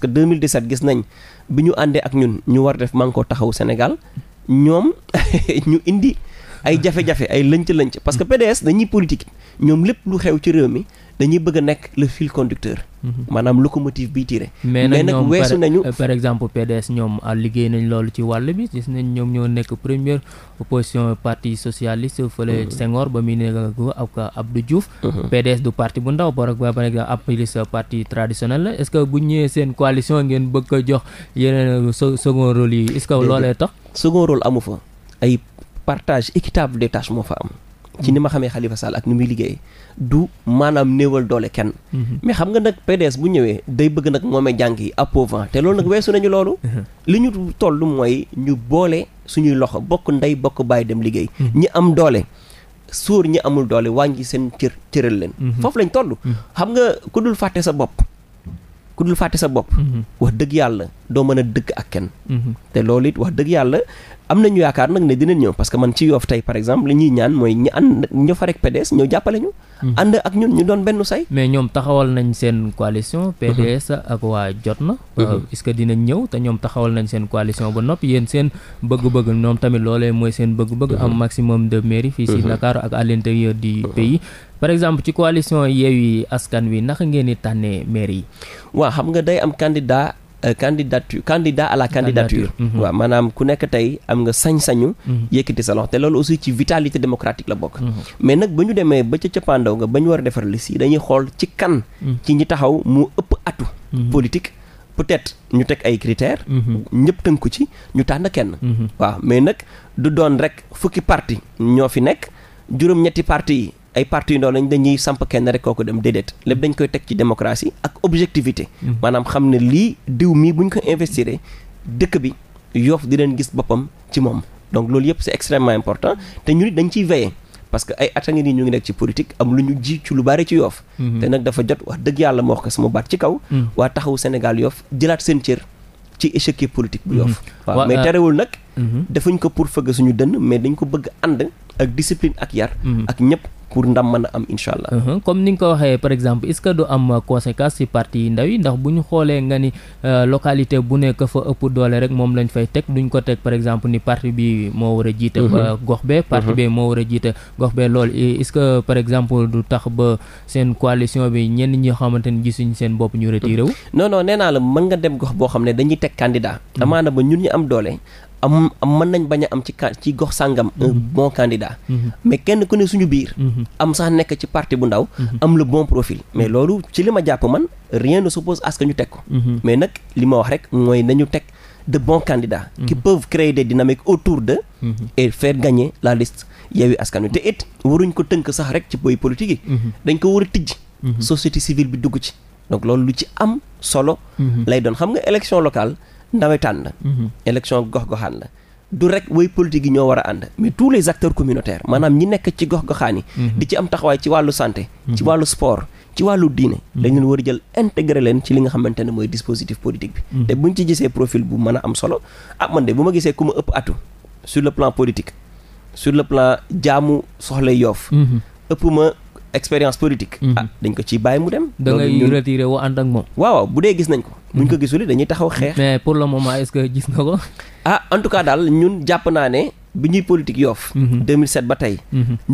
gis nañ bi ñu àndee ak ñun ñu war def man taxaw ay jafe-jafe ay lënc-lënc parce que hmm. PDS dañuy politique ñoom lépp lu xew ci réew mi dañuy bëgg a nekk le fil conducteur hmm. maanaam locomotive biy tiré mais nag weesu nañu euh, par exemple PDS ñoom ah, liggéey nañ loolu ci wàll bi gis nañ ñoom ñoo nekk première opposition parti socialiste fële hmm. Senghor ba muy nekk ak Abdou Diouf PDS du parti bu ndaw par exemple APRIS parti traditionnel la est-ce que bu ñëwee seen coalition ngeen bëgg ko jox yeneen euh, second rôle yi est-ce que loolee tax second rôle amu fa partage équitable des tâches moo fa am. ci ni ma xamee Khalifa Sall ak ni muy liggéey du maanaam néewal doole kenn. Mhm. mais xam nga nag PDS bu ñëwee day bëgg nag moomee jàng yi appauvant te loolu nag weesu nañu loolu. Mhm. li ñu toll mooy ñu boole suñuy loxo bokk ndey bokk bàyyi dem liggéey. Mhm. ñi am doole suur ñi amul doole wàññi seen cër cëral leen. foofu lañ toll. xam nga ku dul fàtte sa bopp. ku dul fàtte sa bopp. wax dëgg yàlla doo mën a dëgg ak kenn. te loolu am nañu yaakaar nag ne dinañ ñëw parce que man ci yoof tey par exemple li ñaan mooy ñi ànd ña fa rek ñëw jàppale ñu. Hmm. ànd ak ñun ñu doon benn say. mais ñoom taxawal nañ seen coalition. Hmm. PDS ak waa jot na. Hmm. Euh, est-ce que dinañ ñëw te ñoom taxawal nañ seen coalition ba noppi yéen seen bëgg-bëgg ñoom tamit loolee mooy seen bëgg-bëgg. am maximum de mairie fii si Dakar ak à di du pays. par exemple ci coalition Yewwi Askan Wi naka ngeen di tànnee mairie yi. waaw xam nga day am candidat. Euh, candidature candidat à la candidature mhm. waaw maanaam ku nekk tey am nga sañ-sañu mhm. yëkkati sa loxo te loolu aussi ci vitalité démocratique la bokk mhm. mais nag ba ñu demee ba ca cappaandaw nga ba ñu war a defar liste yi dañuy xool ci kan ci ñi taxaw mu ëpp atu politique peut-être ñu teg ay critères ñëpp tënku ci ñu tànn kenn waaw mais nag du doon rek fukki parti ñoo fi nekk juróom-ñetti parti yi ay parti yu ndaw dañuy samp kenn rek kooku dem déedéet lépp dañ koy teg ci démocratie ak objectivité hmm. maanaam xam ne lii diw mii bu ñu ko investir dëkk bi yoof di leen gis boppam ci moom donc loolu yëpp c'est extrêmement important te ñu nit dañ ciy veiller parce que ay at a ngi nii ñu ngi nekk ci politique am lu ñu ji ci lu bari ci yoof hmm. te nag dafa jot wax dëgg yàlla ma wax ko sama baat ci kaw hmm. waa taxawu Sénégal yoof jëlaat seen cër ci échec politique ak discipline ak yar. Mhm. ak ñëpp pour ndam mën a am incha allah. Mhm. comme ni nga ko waxee par exemple est-ce que du am conséquence ci parti yi ndaw yi ndax bu ñu xoolee nga ni euh, localité bu nekk fa ëpp doole rek moom lañ fay teg duñ ko teg par exemple ni parti bi moo war a jiite. Mhm. Euh, gox bee parti bi moo war a jiite gox bee loolu est-ce que par exemple du tax ba seen coalition bi ñenn ñi xamante ni gisuñ seen bopp ñu retiré wu. non non naa la mën nga dem gox boo xam ne dañuy teg candidat. amaana ba ñun ñu am doole. am man nañ bañ am ci ci gox sàngam mhm. bon candidat mhm. mais kenn ku ne suñu biir mhm. am sax nekk ci parti bu ndaw am la bon profil mais loolu ci li ma jàpp man rien ne s'oppose à ñu teg ko mais nag li ma wax rek mooy nañu teg de bon candidats qui peuvent créer des dynamiques autour d'eux et fair gagner la liste Yewwi Askan Wi te it waruñ ko tënk sax rek ci boy politique yi dañ ko war a tijj société civile bi dugg ci donc loolu lu ci am solo lay doon xam nga élection locale nawetaan la. Mhm. élection gox-goxaan la. du rek way politique yi ñoo war a ànd mais tous les acteurs communautaires maanaam ñi nekk ci gox goxaan yi mhm. di ci am taxawaay ci wàllu santé mhm. ci wàllu sport ci wàllu diine dañ leen war a jël intégré leen ci li nga xamante mooy dispositif politique bi te buñ ci gisee profil bu mën a am solo ah man de bu ma gisee ku ma ëpp atu sur le plan politique sur le plan jaamu soxla yoof ëpp ma expérience politique. Mhm. ah dañ ko ciy bàyyi mu dem. da ngay retiré wu ànd ak moom. waaw waaw bu dee gis nañ ko. buñ ko mhm. gisul dañuy taxaw xeex. mais pour le moment est-ce gis nga ko. ah en daal ñun jàpp naa ne. bi ñuy politique yoof 2007 mhm. ba tey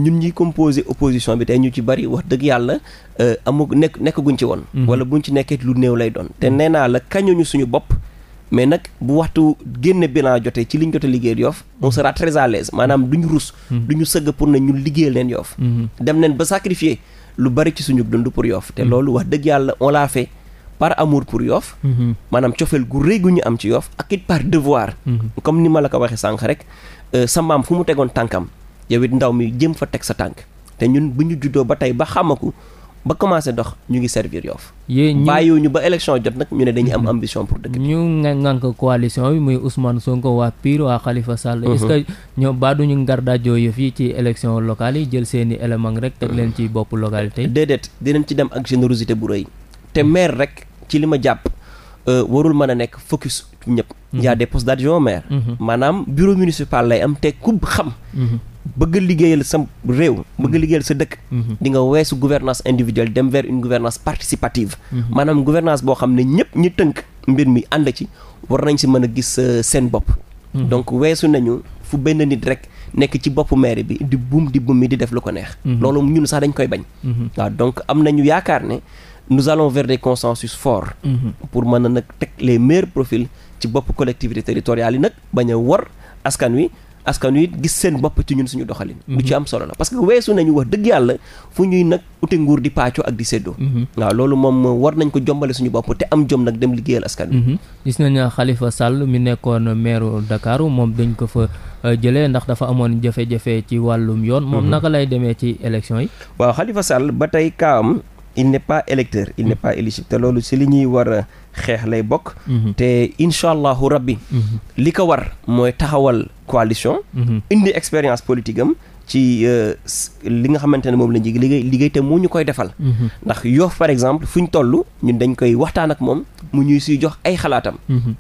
ñun ñuy composé opposition bi tey ñu ci bari wax dëgg yàlla euh, amu nekk nekk guñ ci woon wala buñ ci nekkee lu néew lay doon te nee naa la kañuñu suñu bopp mais nag bu waxtu génne bilan jotee ci liñ jot a liggéeyal Yoff on sera très à l'aise maanaam duñu rus hmm. duñu sëgg pour ne ñu liggéeyal leen Yoff hmm. dem nañ ba sacrifier lu bari ci suñu dund pour yoof te hmm. loolu wax dëgg yàlla on l'a par amour pour Yoff maanaam cofeel gu rëy gu ñu am ci Yoff ak it par devoir comme ni ma la ko waxee sànq rek euh, sa fu mu tegoon tànkam yow it ndaw mi jëm fa teg sa tànk te ñun bu ñu juddoo ba tey ba xamaku ba commencé dox ñu ngi servir Yoff. yéen bàyyiwu ñu ba élection jot nag ñu ne dañuy am mm-hmm. ambition pour dëkk ñu nga ngànk coalition bi muy Ousmane Sonko waa Pire waa Khalifa Sall. Mm-hmm. est que ñoom baaduñu ngardaajoo yëf yi ci élection locale yi jël seeni élément rek teg leen ci bopp localité. déedéet dinañ ci dem ak générosité bu rëy te mm-hmm. maire rek ci li ma jàpp. Euh, warul mën a nekk focus ñëpp. y a des postes d'adjoint au maire. maanaam bureau municipal lay am te ku xam. bëgg liggéeyal sa réew bëgg liggéeyal sa dëkk mhm. di nga weesu gouvernance individuelle dem vers une gouvernance participative mhm. maanaam gouvernance boo xam ne ñëpp ñi tënk mbir mi ànd ci war nañ si mën a gis euh, seen bopp mhm. donc weesu nañu fu benn nit rek nekk ci boppu maire bi di buum di buum mi di def lu ko neex loolu ñun sax dañ koy bañ waaw donc am nañu yaakaar ne nous allons vers des consensus forts pour mën a nag teg les meilleurs profils ci bopp collectivité a war askan wi gis seen bopp ci ñun suñu doxalin. lu ci mhm. am solo la parce que weesu nañu wax dëgg yàlla fu ñuy nag ute nguur di pàccoo ak di séddoo. Mhm. waaw loolu moom war nañ ko jombale suñu bopp te am jom nag dem liggéeyal askan wi. Mhm. gis nañ Khalifa sàll mi nekkoon maire ndakaaru moom dañ ko fa euh, jëlee ndax dafa amoon jafe-jafe ci wàllum yoon. moom naka lay demee ci élection yi. waaw Khalifa Sall ba tey kaam il n'est pas électeur il n'est mm-hmm. pas éligible te loolu si li ñuy war a xeex lay bokk mm-hmm. te incha allahu rabbi mm-hmm. li ko war mooy taxawal coalition indi expérience politique am ci euh, li nga xamante ne moom la ñuy liggéey liggéey te moo ñu koy defal ndax Yoff par exemple fu ñu toll ñun dañ koy waxtaan ak moom mu ñuy suy jox ay xalaatam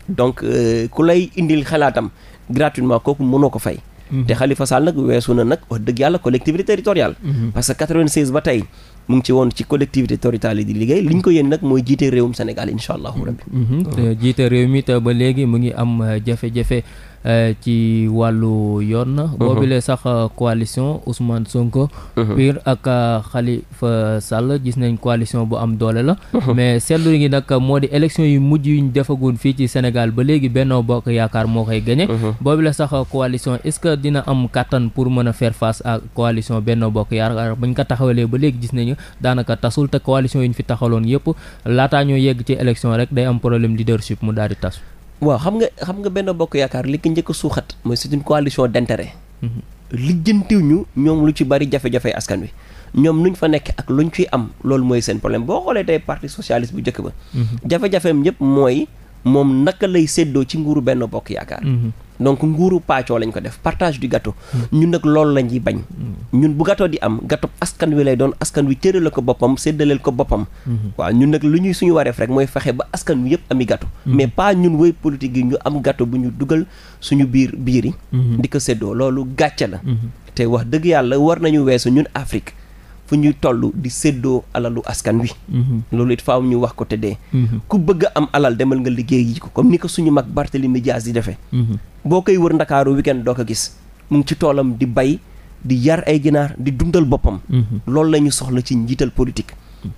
donc euh, ku lay indil xalaatam gratuitement kooku mënoo ko fay te Khalifa Sall nag weesu na nag wax dëgg yàlla collectivité territoriale parce que 96 ba tey mu ngi ci woon ci collectivité territoriale yi di liggéey li ñu ko yéen nag mooy jiite réewum Sénégal incha allahu rabbi mhm. jiite réew mi te ba léegi mu ngi am euh, jafe-jafe Euh, ci wàllu yoon. Mhm. boobile sax euh, coalition Ousmane Sonko. Mhm. PUR ak euh, Khalifa Sall gis nañ coalition bu am doole la. Mhm. mais seetlu ngi nag moo di élection yu mujj yu ñu defagoon fii ci Sénégal ba léegi Benno Bokk Yaakaar moo koy gagné. boobile sax coalition est-ce que dina am kattan pour mën a faire face ak coalition Benno Bokk Yaakaar buñ ko taxawalee ba léegi gis nañu daanaka tasul te coalition yi ñu fi taxawaloon yëpp laataa ñoo yegg ci élection rek day am problème leadership mu daal di tas. waaw xam nga xam nga benn bokk yaakaar li ko njëkk a suuxat mooy c'est une coalition d'intérêt mhm. lijjantiw ñu ñoom lu ci bari jafe-jafe askan wi ñoom nuñ fa nekk ak lu ñu ciy am loolu mooy seen problème boo xoolee tey parti socialiste bu jëkk ba mhm. jafe-jafeem yëpp mooy moom naka lay séddoo ci nguuru benn bokk yaakaar mhm. donc nguuru paacoo lañ ko def partage du gâteau ñun nag loolu lañuy bañ ñun bu gâteau di am gâteau askan wi lay doon askan wi cëral ko boppam séddaleel ko boppam waaw ñun nag li ñuy suñu wareef rek mooy fexe ba askan wi yëpp ami gâteau mais pas ñun woy politique yi ñu am gâteau bu ñu dugal suñu biir biir yi mhm. di ko séddoo loolu gàcce la mhm. te wax dëgg yàlla war nañu weesu ñun Afrique fu ñuy toll di séddoo alalu askan wi. Mhm. loolu it faaw ñu wax ko te dee. Mhm. ku bëgg am alal demal nga liggéey yi ko comme ni ko suñu mag Barthélemy Dias di defee. Mhm. boo koy wër ndakaaru weekend doo ko gis mu ngi ci toolam di bay di yar ay ginaar di dundal boppam. loolu la soxla ci njiital politique.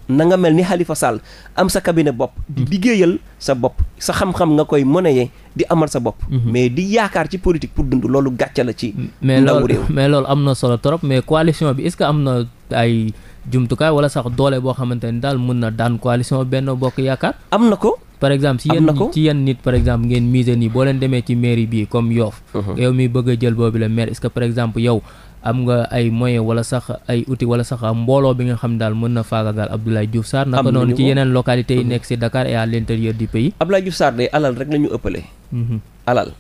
na nga mel ni Khalifa Sall am sa cabinet bopp. di mhm. liggéeyal sa bopp sa xam-xam nga koy mën di amal sa bopp. Mhm. mais di yaakaar ci politique pour dund loolu gàcce la ci. ndaw réew mais loolu am na solo trop mais coalition bi est-ce que am na ay jumtukaay wala sax doole boo xamante ni daal mën na daan coalition benn bokk yaakaar. am na ko. par exemple si yenn ci yenn nit par exemple ngeen mise nii boo leen demee ci mairie bi comme Yoff. Uh-huh. yow mi bëgg jël boobu la maire est-ce par exemple yow. am nga ay moyen wala sax ay outil wala sax mbooloo bi nga xam daal mën na faagagal Abdoulaye Diouf Sarr naka noonu ci yeneen localités yi nekk si Dakar et à l'intérieur du pays Abdoulaye Diouf Sarr day alal rek la ñu ëppale mhm. alal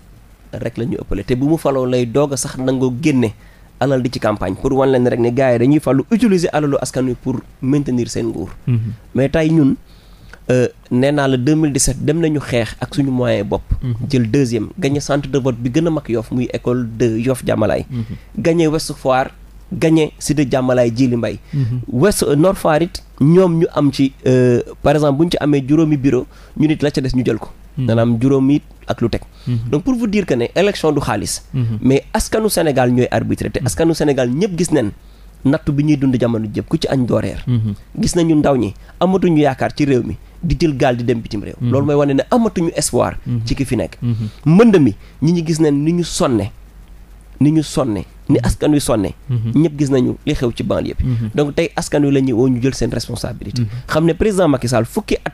rek la ñu ëppale te bu mu faloo lay doog a sax nangoo génne alal di ci campagne pour wan leen rek ne gars yi dañuy falu utiliser alalu askan wi pour maintenir seen nguur mhm. mais tey ñun Euh, nee naa la 2017 dem nañu xeex ak suñu moyen bopp. Mhm. jël deuxième gagné centre de vote bi gën a mag Yoff muy école de Yoff Jàmmalaay. Mhm. gagné Ouest Foire gagné Cité Jàmmalaay Djily Mbaye. Mhm. Ouest euh, Nord Foire it ñoom ñu am ci euh, par exemple bu ñu ci amee juróomi bureau ñu nit la ca des ñu jël ko. maanaam juróomi it ak lu teg. donc pour vous dire que ne élection du xaalis. mais askanu senegal ñooy arbitré te askanu senegal ñëpp gis nañ. nattu bi ñuy dund jamono jëpp ku ci añ dooreer gis nañu ndaw ñi amatuñu yaakaar ci réew mi di jël gaal di dem bitim réew. loolu mhm. mooy wane ne amatuñu espoir. Mhm. ci ki fi nekk. Mhm. mbënd mi ñi ñi gis nañ ni ñu sonne ni ñu sonne ni askan wi sonne. ñëpp gis nañu li xew ci banlieue bi. donc tey askan wi la ñuy woo ñu jël seen responsabilité. xam ne président Macky Sall fukki at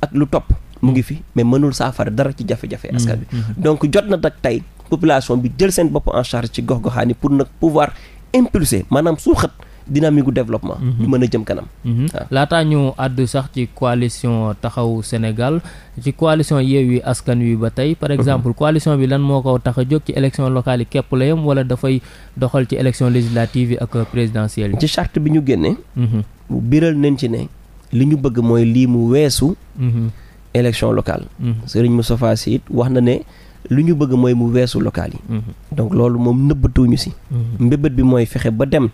ak lu topp mu ngi fi mais mënul saafara dara ci jafe-jafe. askan wi donc jot na nag tey population bi jël seen bopp en charge ci gox-goxaan yi pour nag pouvoir impulser maanaam suuxat. dynamique gu développement. ñu mhm. mën a jëm kanam. Mhm. laataa ñu àddu sax ci coalition taxawu Sénégal ci coalition Yewwi Askan Wi ba tey par mhm. exemple coalition bi lan moo ko tax a jóg ci élection locale yi képp la yem wala dafay doxal ci élection législative yi ak présidentielle ci charte bi ñu génne. biral nañ ci ne li ñu bëgg mooy lii mu weesu. élection locale. Serigne Moustapha Sy it wax na ne. lu ñu bëgg mooy mu weesu local yi donc loolu moom nëbbatuwuñu si mbébét bi mooy fexe ba dem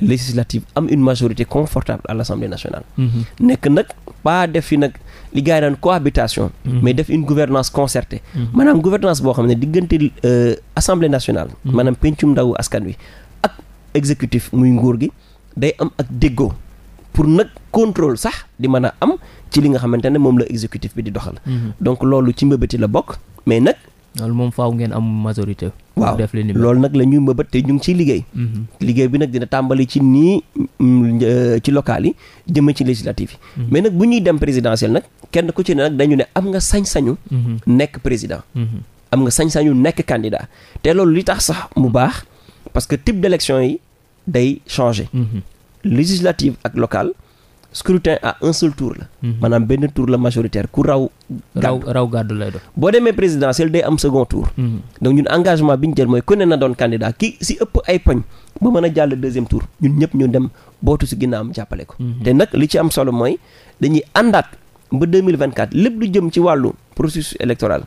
législative am une majorité confortable à l'Assemblée nationale mhm. nekk nag pas def fi nag li gars yi daan cohabitation mhm. mais def une gouvernance concertée mhm. maanaam gouvernance boo xam ne diggante euh, Assemblée nationale maanaam pencum ndawu askan wi ak exécutif muy nguur gi day am ak déggoo pour nag contrôle sax di man a am ci li nga xamante ne moom la exécutif bi di doxal donc loolu ci mbëbëti la bokk mais nag loolu moom faaw ngeen am majorité. waaw def li ni loolu nag la ñuy mëbët te ñu ngi ciy liggéey. Mhm. liggéey bi nag dina tàmbali ci nii mm, euh, ci local yi jëmee ci législative yi. Mhm. mais nag bu ñuy dem présidentiel nag kenn ku ci ne nag dañu ne am nga sañ-sañu. Mhm. nekk président. am nga sañ-sañu nekk candidat te loolu li tax sax mu baax parce que type d'élection yi day changer. législative ak locale scrutin à un seul tour la. Mhm. maanaam benn tour la majoritaire ku raw. raw raw gàddu lay doon. boo demee présidentielle day am second tour. Mhm. donc ñun engagement bi ñu jël mooy ku ne na doon candidat ki si ëpp ay poñ ba mën a jàll deuxième tour ñun ñëpp ñu dem bootu si am jàppale ko. Mhm. te nag li ci am solo mooy dañuy àndaat ba 2024 lépp lu jëm ci wàllu processus électoral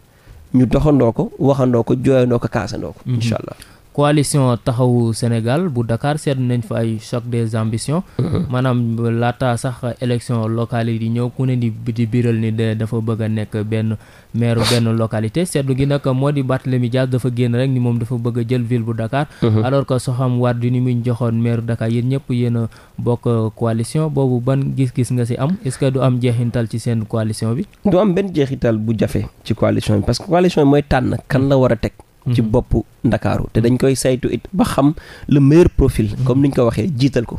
ñu doxandoo ko waxandoo ko jooyandoo ko kaasandoo ko. incha allah. coalition taxawu Sénégal bu Dakar seet nañ fa ay choc des ambitions mhm. maanaam laata sax élection locale yi di ñëw ku ne di di biiral ni de dafa bëgg a nekk benn maire benn localité seetlu gi nag moo di mi Dias dafa génn rek ni moom dafa bëgg a jël ville bu Dakar mhm. alors que Soham Wardini mu joxoon maire Dakar yéen ñëpp yéen a bokk coalition boobu ban gis-gis nga si am est-ce que du am jeexintal ci seen coalition bi du am benn jeexital bu jafe ci coalition bi parce a teg ci mhm. bopp ndakaaru te dañ koy saytu it ba xam le meilleur profil mhm. comme ñu ko waxee jiital ko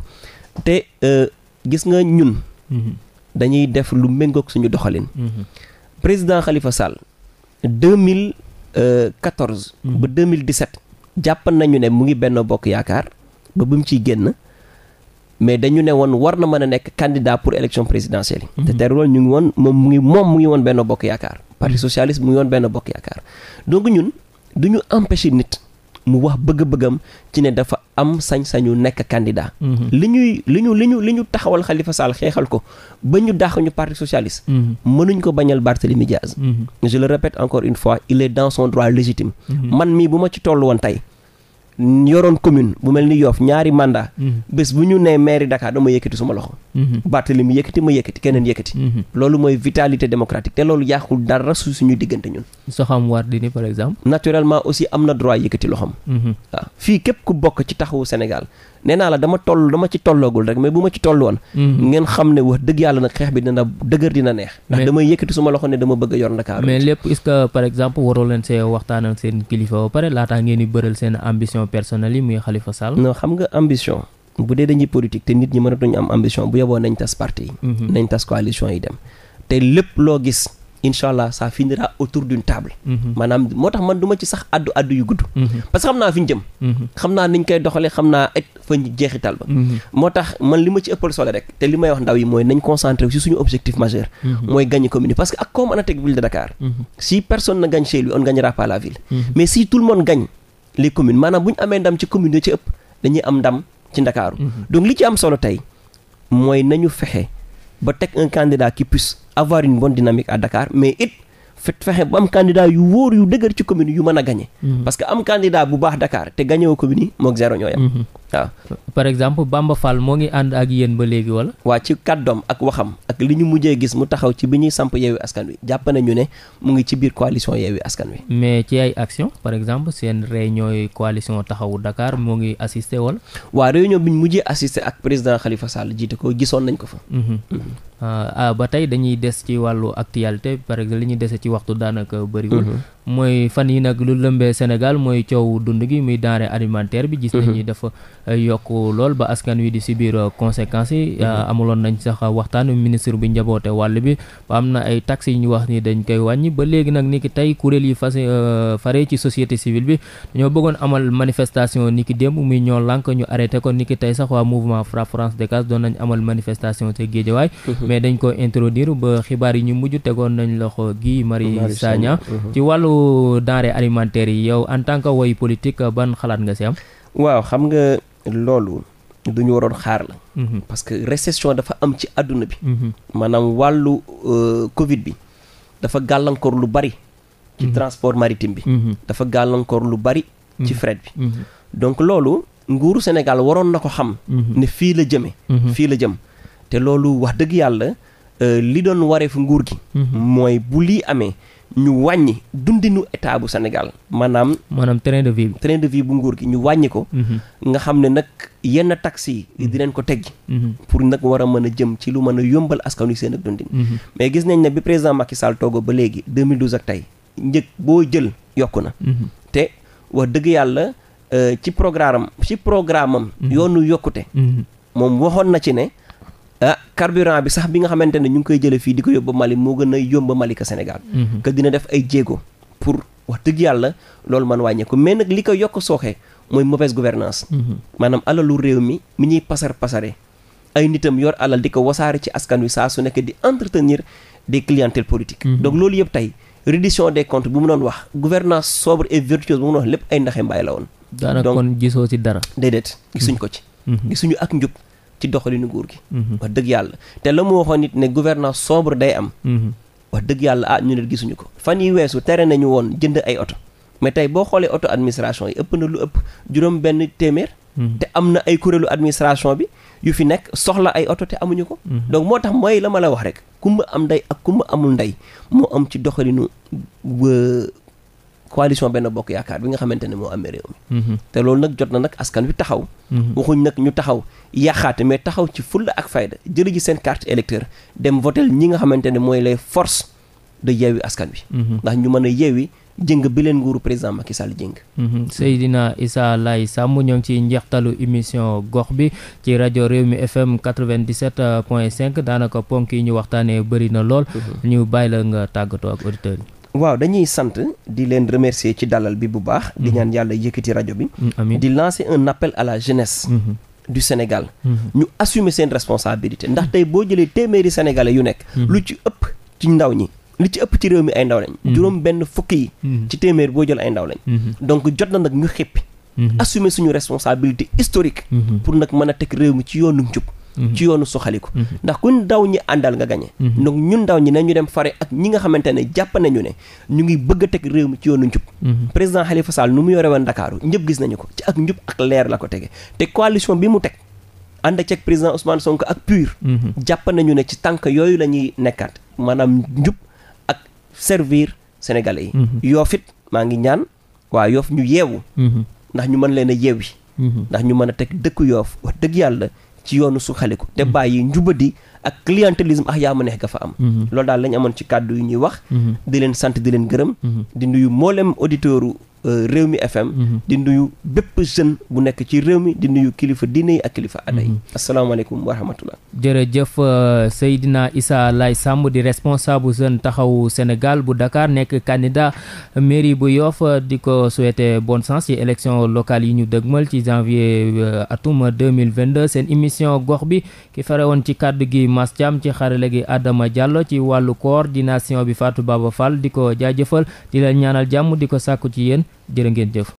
te euh, gis nga ñun mhm. dañuy def lu méngoog suñu doxalin président Khalifa Sall 2014 euh, ba 2017 jàpp nañu ne mu ngi benn bokk yaakaar ba bu mu ciy génn mais dañu ne woon war na mën a nekk candidat pour élection présidentielle yi te teeruloon ñu ngi woon moom mu ngi moom mu ngi woon benn bokk yaakaar parti socialiste mu ngi woon benn bokk yaakaar donc ñun du duñu empêcher nit mu wax bëgg-bëggam ci ne dafa am sañ-sañu nekk candidat. Mhm. li ñuy li ñu li ñu li ñu taxawal Khalifa Sall xeexal ko ba ñu dàq ñu parti socialiste. Mhm. mënuñ ko bañal Barthélémy Diaz. Mhm. je le répète encore une fois il est dans son droit légitime. man mii bu ma ci toll woon tey. yoroon commune bu mel ni Yoff ñaari mandat mhm. bés bu ñu nee mairie Dakar dama yëkkati suma loxo mhm. bàttali mu yëkkati ma yëkkati keneen yëkkati mhm. loolu mooy vitalité démocratique te loolu yàqul dara su suñu diggante ñun naturellement aussi am na droit yëkkati loxoom waaw fii képp ku bokk ci taxawu Sénégal nee naa la dama toll dama ci tolloogul rek mais bu ma ci toll woon mhm. ngeen xam ne wax dëgg yàlla nag xeex bi dina dëgër dina neex ndax damay yëkkati suma loxo ne dama bëgg a yor Ndakaaru mais lépp est-ce que par exemple waroo leen see waxtaanal seen kilifa ba pare laataa ngeen di bëral seen ambition personnelle yi muy Khalifa Sall non xam nga ambition bu dee dañuy politique te nit ñi mënatuñu am ambition bu yeboo nañ tas parti yi mhm. nañ tas coalition yi dem gis incha allah ça finira autour d'une table. Mhm. maanaam moo tax man du ma ci sax addu addu yu gudd. Mhm. parce que xam naa fi jëm. Mhm. xam naa niñ koy doxalee xam naa et fa jeexital ba. moo tax man li ma ci ëppal solo rek te li may wax ndaw yi mooy nañ concentré ci suñu objectif majeur. mooy gagner commune parce que ak comme on attaque ville de Dakar. si personne ne gagne chez on gagnera pas la ville. mais si tout le monde gagne les communes maanaam bu ñu amee ndam ci commune ba teg un candidat qui puisse avoir une bonne dynamique à Dakar mais it fet fexe ba am candidat yu wóor yu dëgër ci commune yu mën a gañe mm-hmm. parce que am candidat bu baax dakaar te gañewoo commune yi moog zéro ñoo yam mm-hmm. waaw par exemple Bamba Fall moo ngi ànd ak yéen ba léegi wala. waa ci kàddoom ak waxam ak li ñu mujjee gis mu taxaw ci bi ñuy samp yeewi askan wi jàpp nañu ne mu ngi ci biir coalition yeewi askan wi. mais ci ay action par exemple seen réunion yi coalition taxawu Dakar moo ngi assister wala. waa réunion bi ñu mujjee assister ak président Khalifa Sall jiite ko gisoon nañ ko fa. Mhm. Mhm. Ah, ah, ba tey dañuy des ci wàllu actualité par exemple li ñuy dese ci waxtu daanaka bëriwul. Mhm. bi. yokk lool ba askan wi di biir euh, conséquences yi mm-hmm. euh, amuloon nañ sax waxtaan ministre bi njaboote wàll bi ba am na ay tax yu ñu wax ni dañ koy wàññi ba léegi nag ni ki tey kuréel yi fas euh, fare ci société civile bi dañoo bëggoon amal manifestation ni ki démb muy ñoo lànk ñu arrêté ko ni tey sax waa mouvement Fra France Dégage doon nañ amal manifestation te Géejawaay mm-hmm. mais dañ ko introduire ba xibaar yi ñu mujj tegoon nañ loxo Guy Marius Sagna mm-hmm. ci wàllu denrée alimentaire yi yow en tant que woy politique ban xalaat nga si am loolu du ñu waroon xaar la. Mhm. parce que récession dafa am ci àdduna bi. Mhm. maanaam wàllu euh, Covid bi dafa gàllankoor lu bari. ci mhm. transport maritime bi. dafa gàllankoor lu bari. ci fret bi. donc loolu nguuru Sénégal waroon na ko xam. ne fii la jëme fii la jëm te loolu wax dëgg yàlla euh, li doon wareefu nguur gi. mooy bu lii amee. ñu wàññi dundinu état bu Sénégal maanaam. maanaam train de vie bi. train de vie bu nguur gi ñu wàññi ko. Mhm. nga xam ne nag yenn taxi yi mhm. dinañ ko teggi. Mhm. pour nag war a mën a jëm ci lu mën a yombal askan wi seen ak dundin. mais gis nañ ne bi président Macky Sall toogoo ba léegi ak tey njëg boo jël yokku na. te wax dëgg yàlla euh, ci programme am ci programme am. yoonu yokkute. moom waxoon na ci ne. ah carburant bi sax bi nga xamante ne ñu ngi koy jëlee fii di ko yóbbu Mali moo gën a yomb Mali ka Sénégal. Mhm. que dina def ay jéego pour wax dëgg yàlla loolu man wàññeeku mais nag li ko yokk sooxee mooy mauvaise gouvernance mhm. maanaam alalu réew mi mu ñuy pasar pasare ay nitam yor alal di ko wasaare ci askan wi saa su nekk di entretenir des clientèles politiques. Mhm. donc loolu yëpp tey reddition des comptes bu mu doon wax gouvernance sobre et vertueuse bu mu doon lépp ay ndaxe mbaay la woon. daanaka kon gisoo ci dara. déedéet gisuñ ko ci. gisuñu ak njub. ci doxalinu nguur gi. Mhm. wax dëgg yàlla te la mu waxoon nit ne gouvernance sobre day am. Mhm. wax dëgg yàlla ah ñu ne gisuñu ko fan yi weesu tere nañu woon jënd ay oto mais tey boo xoolee oto administration yi ëpp na lu ëpp juróom benn téeméer. Mhm. te am na ay kuréelu administration bi yu fi nekk soxla ay oto te amuñu ko. donc moo tax mooy la ma la wax rek kumba am ndey ak kumba amul ndey moo am ci doxalinu coalition benn bokk yaakaar bi nga xamante ne moo amee réew mi mhm. te loolu nag jot na nag askan wi taxaw mhm. waxuñ nag ñu taxaw yàqaate mais taxaw ci fulla ak fayda jëli ji seen carte électeur dem votel ñi nga xamante ne mooy les forces de yeewi askan wi mhm. ndax ñu mën a yeewi jëng bi leen nguuru président Macky Sall jëng Seydina Issa Laye Samb ñoo ngi ci njeextalu émission gox bi ci rajo réew mi FM 97 point 5 daanaka ponk yi ñu waxtaanee bëri na lool ñu la nga tàggatoo ak auditeurs yi waaw dañuy sant di leen remercier ci dalal bi bu baax. di mhm. ñaan yàlla yëkkati rajo bi. Mm, di lancer un appel à la jeunesse. Mhm. du Sénégal. Mhm. ñu assumer seen responsabilité ndax tey boo jëlee téeméeri sénégalais yu nekk. lu ci ëpp ci ndaw ñi. li ci ëpp ci réew mi ay ndaw lañ. juróom benn fukk yi. ci téeméer boo jël ay ndaw lañ. donc jot na nag ñu xippi assumer suñu responsabilité historique. pour nag mën a teg réew mi ci yoonu njub. Mm-hmm. ci yoonu soxaliku mm-hmm. ndax ku ndaw ñi àndal nga gañe mm-hmm. donc ñun ndaw ñi nañu dem fare ak ñi nga xamante ne jàpp nañu ne ñu ngi bëgg a teg réew mi ci yoonu njub président Khalifa Sall nu mu yore woon Ndakaaru ñëpp gis nañu ko ci ak njub ak leer la ko tege te coalition bi mu teg ànd ak président Ousmane sonk ak PUR jàpp nañu ne ci tànk yooyu la nekkaat maanaam njub ak servir sénégalais yi yoofit maa ngi ñaan waa yoof ñu yeewu ndax ñu mën leen a yeewi ndax ñu mën a teg dëkku yoof wax dëgg yàlla ci yoonu suxaliku te bàyyi njubadi ak clientélisme ah yaa ma neex ga fa am mhm. loolu daal la ñu amoon ci kàddu yu ñuy wax mhm. di leen sant di leen gërëm mhm. di nuyu mboolem auditeuru euh, réew mi FM di nuyu bépp jeune bu nekk ci réew mi di nuyu kilifa diine yi ak kilifa aada yi asalaamaaleykum wa rahmatullah jërëjëf euh, Seydina Issa Laye Samb di responsable jeune taxawu Sénégal bu Dakar nekk candidat mairie bu Yoff di ko souhaiter bon chance ci élection locale yi ñu dëgmal ci janvier euh, atum 2022 seen émission gox bi ki fare woon ci kàddu gi Mass Thiam ci xarale gi Adama Diallo ci wàllu coordination bi Fatou Baba Fall di ko jaajëfal di leen ñaanal jàmm di ko sàkku ci yéen jërë ngeen jëf